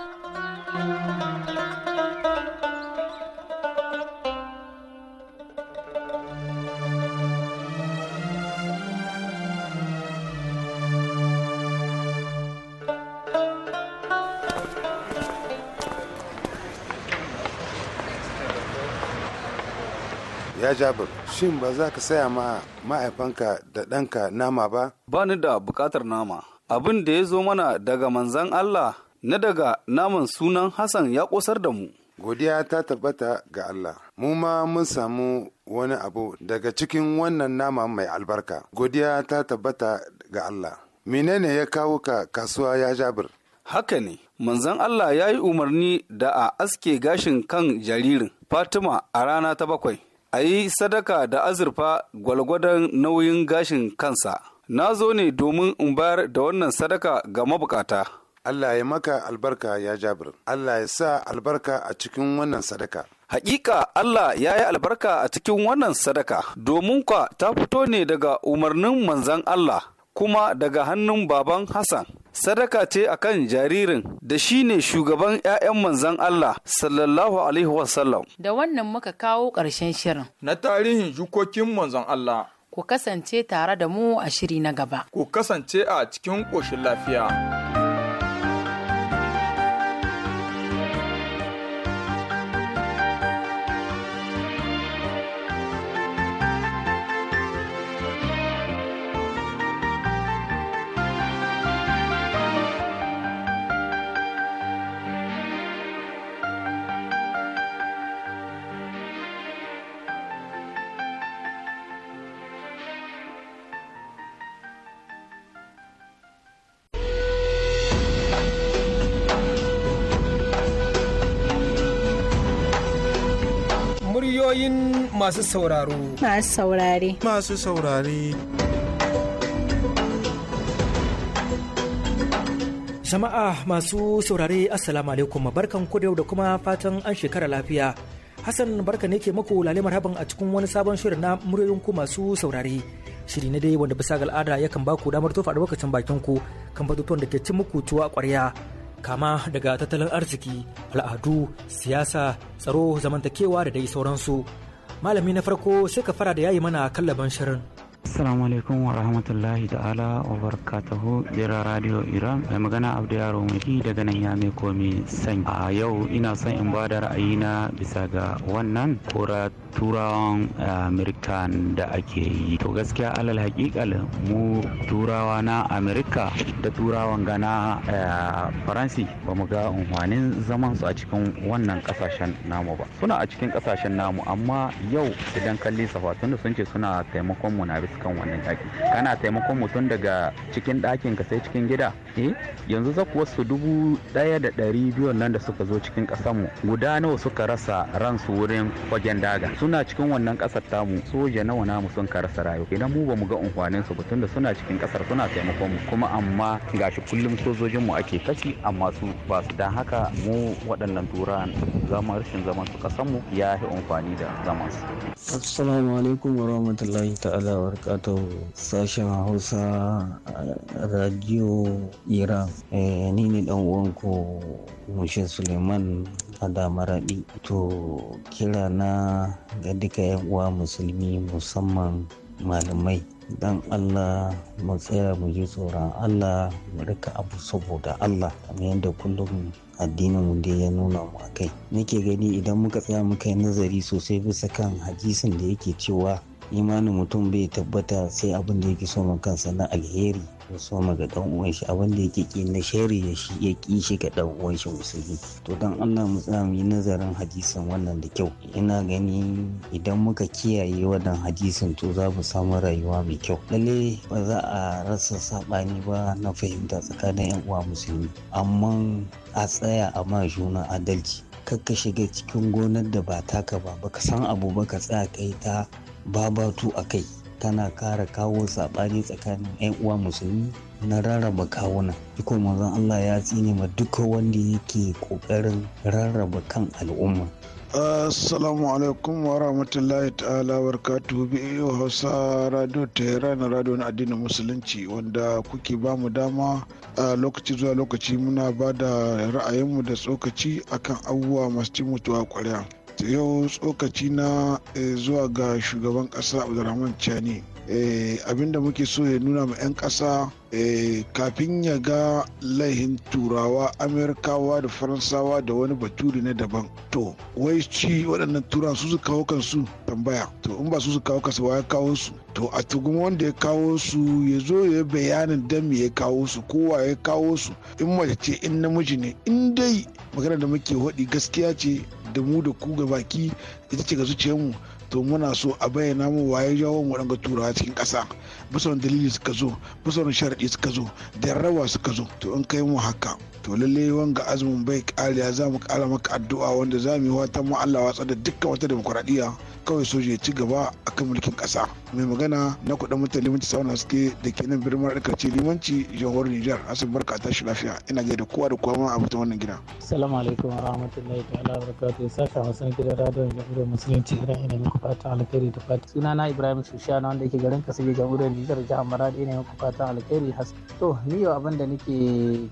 ya jabir shin ba za ka saya ma ma'aifanka da ɗanka nama ba ba ni da buƙatar nama abin da ya zo mana daga manzan allah na daga naman sunan hassan ya ƙosar da mu godiya ta tabbata ga allah mu ma mun samu wani abu daga cikin wannan nama mai albarka godiya ta tabbata ga allah menene ya kawo ka kasuwa ya jabir haka ne manzan allah ya yi umarni da a aske gashin kan jaririn fatima a rana ta bakwai a yi sadaka da azurfa gwalgwadon nauyin gashin kansa. Na zo ne domin in bayar da wannan sadaka ga mabukata. Allah ya maka albarka ya jabir, Allah ya sa albarka a cikin wannan sadaka. Hakika Allah ya yi albarka a cikin wannan sadaka, domin kwa ta fito ne daga umarnin manzan Allah. kuma daga hannun baban Hassan. Sadaka ce a kan jaririn da shi ne shugaban 'ya'yan manzan Allah sallallahu Alaihi wasallam. Da wannan muka kawo ƙarshen shirin. Na tarihin jikokin manzan Allah. Ku kasance tare da mu a shiri na gaba. Ku kasance a cikin ƙoshin lafiya. masu sauraro. Masu saurare. Masu saurare. Jama'a masu saurare Assalamu alaikum barkan ku da yau da kuma fatan an shekara lafiya. Hassan barka ne ke maku lalle marhaban a cikin wani sabon shirin na muryoyin ku masu saurare. Shiri na dai wanda bisa al'ada yakan baku damar tofa albarkacin bakin ku kan batutuwan da ke cin muku tuwa ƙwarya. kama daga tattalin arziki al'adu siyasa tsaro zamantakewa da dai sauransu malami na farko sai ka fara da yayi mana kallaban shirin Assalamu alaikum wa rahmatullahi ta'ala wa barakatuhu jira radio Iran mai magana Abdu Yaro Mahi daga nan ya mai komi san. A yau ina son in bada na bisa ga wannan kora turawan eh, Amerikan da ake yi. To gaskiya alal hakikal mu turawa na Amerika da turawan gana eh, Faransi ba mu ga unhwanin zaman su a cikin wannan kasashen namu ba. Suna a cikin kasashen namu amma yau idan kalli safatun da sun ce suna taimakon mu na bisa su kan wannan yaƙi kana taimakon mutum daga cikin dakin ka sai cikin gida eh yanzu za ku wasu dubu ɗaya da ɗari biyu nan da suka zo cikin mu guda nawa suka rasa ransu wurin fagen daga suna cikin wannan ƙasar tamu soja nawa namu sun ka rasa rayu idan mu ba mu ga unhwanin su tunda suna cikin ƙasar suna taimakon mu kuma amma gashi kullum sojojin mu ake kashi amma su ba su dan haka mu waɗannan turan zama rashin zaman su ƙasar mu ya yi amfani da zaman su assalamu alaikum wa rahmatullahi ta'ala wa wato sashen hausa radiyo iran eh, ni ne dan uwanku mushin suleiman a damaraɗi to kira na ga duka yan uwa musulmi musamman malamai dan Allah mu tsaya mu ji tsoron Allah mu rika abu saboda Allah kamar yadda kullum addinin mu dai ya nuna mu akai nake gani idan muka tsaya muka yi nazari sosai bisa kan hadisin da yake cewa imanin mutum bai tabbata sai abin da yake so kansa na alheri ya so ga dan uwan shi abin da yake ki na shari ya shi ya ki shi ga dan uwan shi musulmi to dan Allah mu tsaya mu yi nazarin hadisin wannan da kyau ina gani idan muka kiyaye wannan hadisin to za mu samu rayuwa mai kyau lalle ba za a rasa sabani ba na fahimta tsakanin yan uwa musulmi amma a tsaya a ma juna adalci kakka shiga cikin gonar da ba taka ba baka san abu ba ka tsaya kai ta babatu a kai tana kara kawo saɓani tsakanin 'yan uwa musulmi na rarraba kawuna iko manzon Allah ya tsine ma duka wanda yake ƙoƙarin rarraba kan al'umma Assalamu alaikum wa rahmatullahi ta'ala wa biyu Hausa Radio Tehran Radio na addinin Musulunci wanda kuke ba mu dama a lokaci zuwa lokaci muna ba da ra'ayinmu da tsokaci akan abubuwa masu cin mutuwa kwarya yau tsokaci na eh, zuwa ga shugaban kasa abdulrahman chani eh, abinda muke so ya nuna ma 'yan ƙasa eh, kafin ya ga laihin turawa amerikawa da faransawa da wani baturi na daban to wai ci waɗannan turan su su kawo kansu tambaya to in ba su su kawo kansu wa ya kawo su to a tuguma wanda ya kawo su ya zo ya bayanin dan me ya kawo su kowa ya kawo su in mace ce in namiji ne in dai magana da muke waɗi gaskiya ce da mu da ku ga baki ita ce ga zuciyarmu to muna so a bayyana mu waye jawo mu waɗanga turawa cikin ƙasa bisa dalili suka zo bisa wani sharaɗi suka zo da rawa suka zo to in kai mu haka to lalle wanga azumin bai ya za mu kara maka addu'a wanda za mu yi watan mu Allah watsa da dukkan wata demokuraɗiyya kawai soja ya ci gaba a kan mulkin ƙasa mai magana na kuɗin mutane limanci sauna suke da ke nan birnin ce limanci jihar Nijar asin barka ta shi lafiya ina da kowa da kowa ma a mutum wannan gida. salamu alaikum wa rahmatullahi ta'ala wa barakatuhu sasha wasan gidan radon da musulunci iran ina muku fata alkhairi da suna sunana Ibrahim Shushana wanda yake garin Kasabi ga Nijar jihar da yanayin kuka fatan alkhairi has. To ni yau abin da nake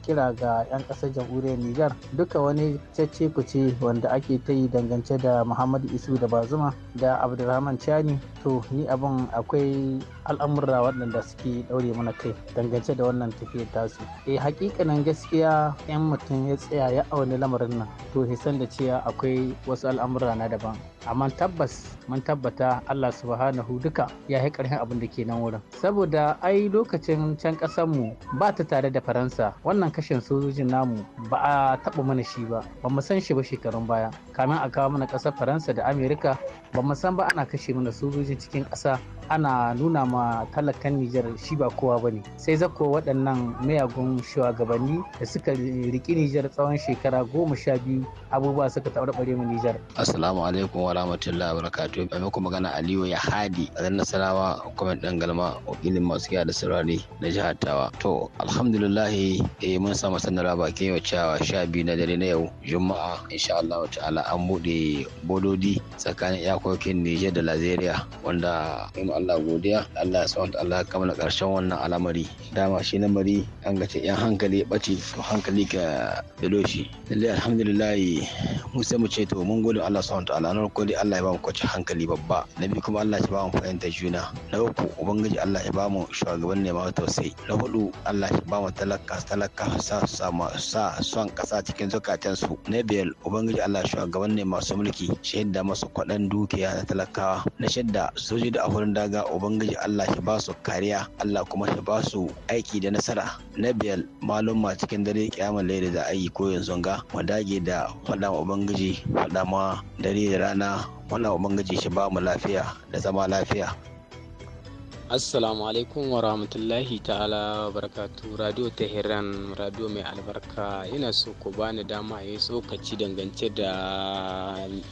kira ga 'yan kasar jamhuriyar Nijar duka wani cece ce wanda ake ta yi dangance da Muhammadu Isu da Bazuma da Abdulrahman Chani to ni abin akwai al'amurra waɗanda suke ɗaure mana kai dangance da wannan tafiyar tasu. Eh hakikanin gaskiya 'yan mutum ya tsaya ya auni lamarin nan to hisan da cewa akwai wasu al'amura na daban amma tabbas mun tabbata Allah subhanahu duka ya yi karhin abin da ke nan wurin saboda ai lokacin can mu ba ta tare da faransa wannan kashin sojojin namu ba a taɓa mana shi ba ba mu san shi ba shekarun baya kamin a kawo mana ƙasar faransa da amerika ba mu san ba ana kashe mana sojojin cikin ƙasa ana nuna ma talakan Nijar shi ba kowa ba ne. Sai zako waɗannan mayagun shugabanni da suka riƙi Nijar tsawon shekara goma sha biyu abubuwa suka ɓare mu Nijar. Assalamu alaikum wa rahmatullahi wa barakatuh. Bai muku magana Aliyu ya hadi a zan nasarawa kuma ɗan galma ilimin masu yada da saurari na jihar Tawa. To alhamdulillah eh mun samu sanarwa bakin yau cewa sha biyu na dare na yau Juma'a insha Allah ta'ala an buɗe bododi tsakanin iyakokin Nijar da Lazeriya wanda Allah godiya Allah ya tsawanta Allah ya kamala karshen wannan al'amari dama shi mari an gace yan hankali ya ɓace to hankali ka bilo shi lalle alhamdulillah mu sai mu ce to mun gode Allah subhanahu ta'ala na farko dai Allah ya ba mu kwace hankali babba na biyu kuma Allah ya ba mu fahimta juna na uku ubangiji Allah ya ba mu shugaban ne ma tausayi na hudu Allah ya ba mu talaka talaka sa sa son kasa cikin su na biyar ubangiji Allah shugaban ne masu mulki shaida masu kwadan dukiya na talakawa na shadda soji da ahurin da ga ubangiji Allah shi ba su kariya Allah kuma shi ba su aiki da nasara na biyar maluma cikin dare kyamun laili da ayi ko yanzu ga dage da fada ubangiji fada ma dare da rana wannan ubangiji shi ba mu lafiya da zama lafiya assalamu alaikum wa rahmatullahi ta'ala barakatu radio tehran radio mai albarka ina so ku bani dama yi tsokaci dangance da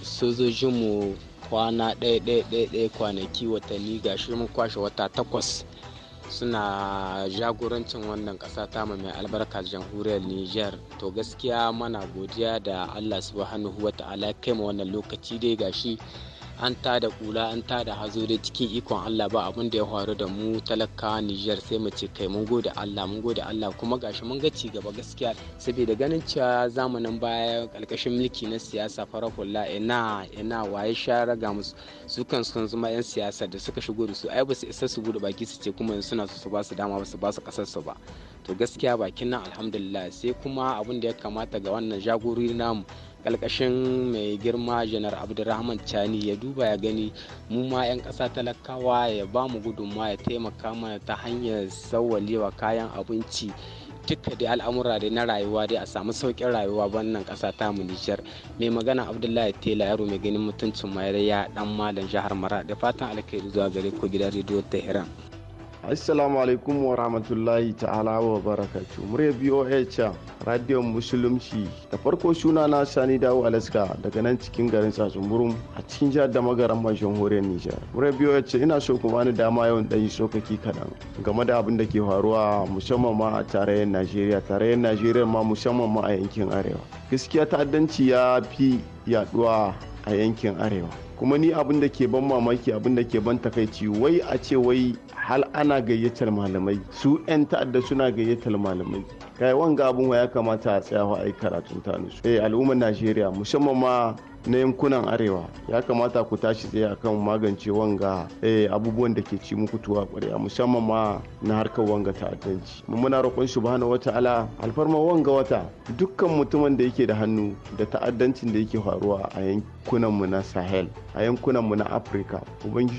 sojojinmu kwana ɗaya kwanaki watanni gashi mun kwashe wata takwas suna jagorancin wannan ƙasa ta mai albarka jamhuriyar Nijar to gaskiya mana godiya da Allah subhanahu wa ta'ala kai mu wannan lokaci dai gashi an ta da kula an ta da hazo da cikin ikon Allah ba abin da ya faru da mu talaka Nijar sai mu ce kai mun gode Allah mun gode Allah kuma gashi mun ga ci gaba gaskiya saboda ganin cewa zamanin baya kalkashin mulki na siyasa farar hula ina ina waye share ga musu su kan sun zama yan siyasa da suka shigo da su ai ba su isa su gudu baki su ce kuma suna su su ba su dama ba su ba su kasar su ba to gaskiya bakin nan alhamdulillah sai kuma abin da ya kamata ga wannan jagorori namu ƙarƙashin mai girma janar abdulrahman cani ya duba ya gani mu ma 'yan ƙasa talakawa ya ba mu gudunmawa ya taimaka mana ta hanyar sauwalewa kayan abinci duka da al'amura da na rayuwa dai a samu sauƙin rayuwa wannan ƙasa ta mu Nijar mai magana Abdullahi Tela yaro mai ganin mutuncin mayar ya dan malam jihar Mara da fatan alkhairi zuwa gare ku gidan rediyo Tehran. assalamu alaikum wa rahmatullahi ta'ala wa barakatu murya boh radio musulunci da farko suna na sani dawo alaska daga nan cikin garin tsatsun a cikin jihar da magaran ban jamhuriyar nijar murya boh ina so ku bani dama yawan dan yi sokaki kaɗan game da abin da ke faruwa musamman ma a tarayyar najeriya tarayyar najeriya ma musamman ma a yankin arewa gaskiya ta'addanci ya fi yaduwa a yankin arewa kuma ni abin da ke ban mamaki abin da ke ban takaici wai a ce wai hal ana gayyatar malamai su 'yan ta'adda suna gayyatar malamai kai wanga abin ya kamata a tsayawa a yi karatun ta nusu eh al'ummar najeriya musamman ma na yankunan arewa ya kamata ku tashi tsaye akan magance wanga eh, abubuwan da ke ci muku tuwa ƙwarya musamman ma na harkar wanga ta'addanci muna roƙon wata ala alfarma wanga wata dukkan mutumin da yake da hannu da ta'addancin da yake faruwa a yankunanmu na sahel a yankunan mu na afirka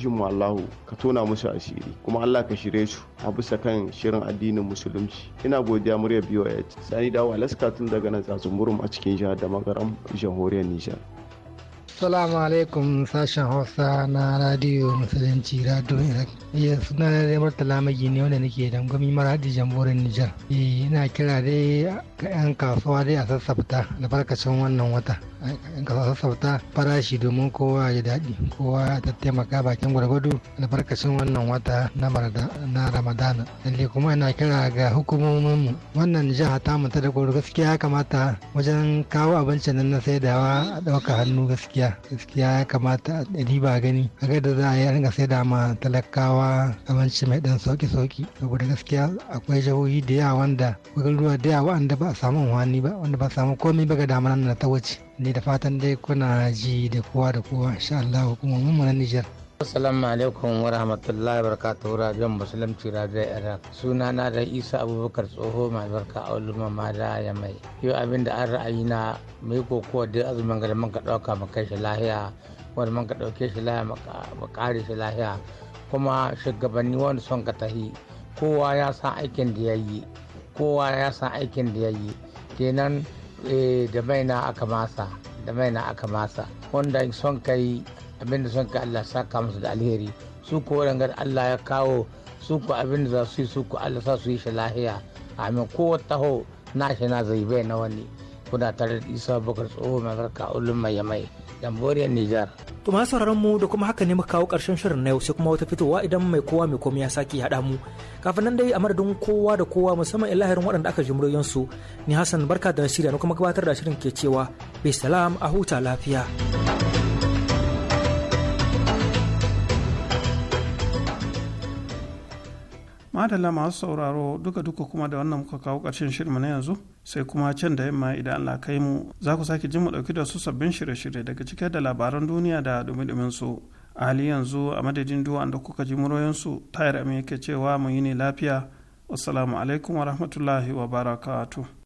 mu allahu ka tona musu asiri kuma allah ka shirye su a bisa kan shirin addinin musulunci ina godiya muryar boh sani dawo alaska tun daga nan tsatsun burum a cikin jihar da magaram jamhuriyar nijar Salamu alaikum sashen Hausa na Radio Musulunci Radio Iraq. iya suna na da ne wanda nake gami mara da jamhuriyar nijar eh, ina kira dai ga yan kasuwa dai a sassafta albarkacin wannan wata yan kasuwa sassafta farashi domin kowa ya daɗi kowa ta taimaka bakin gwargwado albarkacin wannan wata na ramadana lalle kuma ina kira ga hukumomin wannan jiha ta mu ta da gaskiya ya kamata wajen kawo abincin nan na saidawa a ɗauka hannu gaskiya gaskiya ya kamata a riba gani a da za a yi a ringa saida ma talakawa kamar kamanci mai dan sauki-sauki saboda gaskiya akwai jihohi da yawa wanda garuruwa da yawa wanda ba a samu wani ba wanda ba a samu komai ba ga damar nan ta wuce ne da fatan dai kuna ji da kowa da kowa insha Allah hukumomin mu na Nijar Assalamu alaikum wa rahmatullahi wa barakatuhu rajon musulunci rajon Iraq Suna na da Isa Abubakar Tsoho mai barka a ma da ya mai. Yau abin da an ra'ayi na mai kokowa da azumin man ka ɗauka mu kai shi lahiya wani man ka ɗauke shi lahiya mu kare shi lahiya kuma shugabanni wanda son ka tahi kowa ya san aikin da ya yi kowa ya san aikin da ya yi kenan eh, da mai na aka masa da mai na aka masa wanda son ka yi abinda son ka Allah saka musu da alheri su ko dangar Allah ya kawo su ko abinda za su yi su ko Allah sa su yi shi lahiya amin ko taho na shi na zai bai na wani kuna tare da isa bakar tsoho mai barka ulun mai mai jamhuriyar Nijar. To masu sauraron mu da kuma haka ne muka kawo ƙarshen shirin na yau sai kuma wata fitowa idan mai kowa mai komai ya sake hada mu. Kafin nan dai a madadin kowa da kowa musamman ilahirin waɗanda aka ji su ni Hassan barka da shirya na kuma gabatar da shirin ke cewa bai salam a huta lafiya. madalla masu sauraro duka duka kuma da wannan muka kawo ƙarshen shirma na yanzu sai kuma can da yamma idan Allah kai mu za ku sake jin mu ɗauki da su sabbin shirye-shirye daga cike da labaran duniya da dumi-dumin su a hali yanzu a madadin duwa da kuka ji muryoyin su tayar yake cewa mu yi ne lafiya wassalamu alaikum wa rahmatullahi wa barakatuh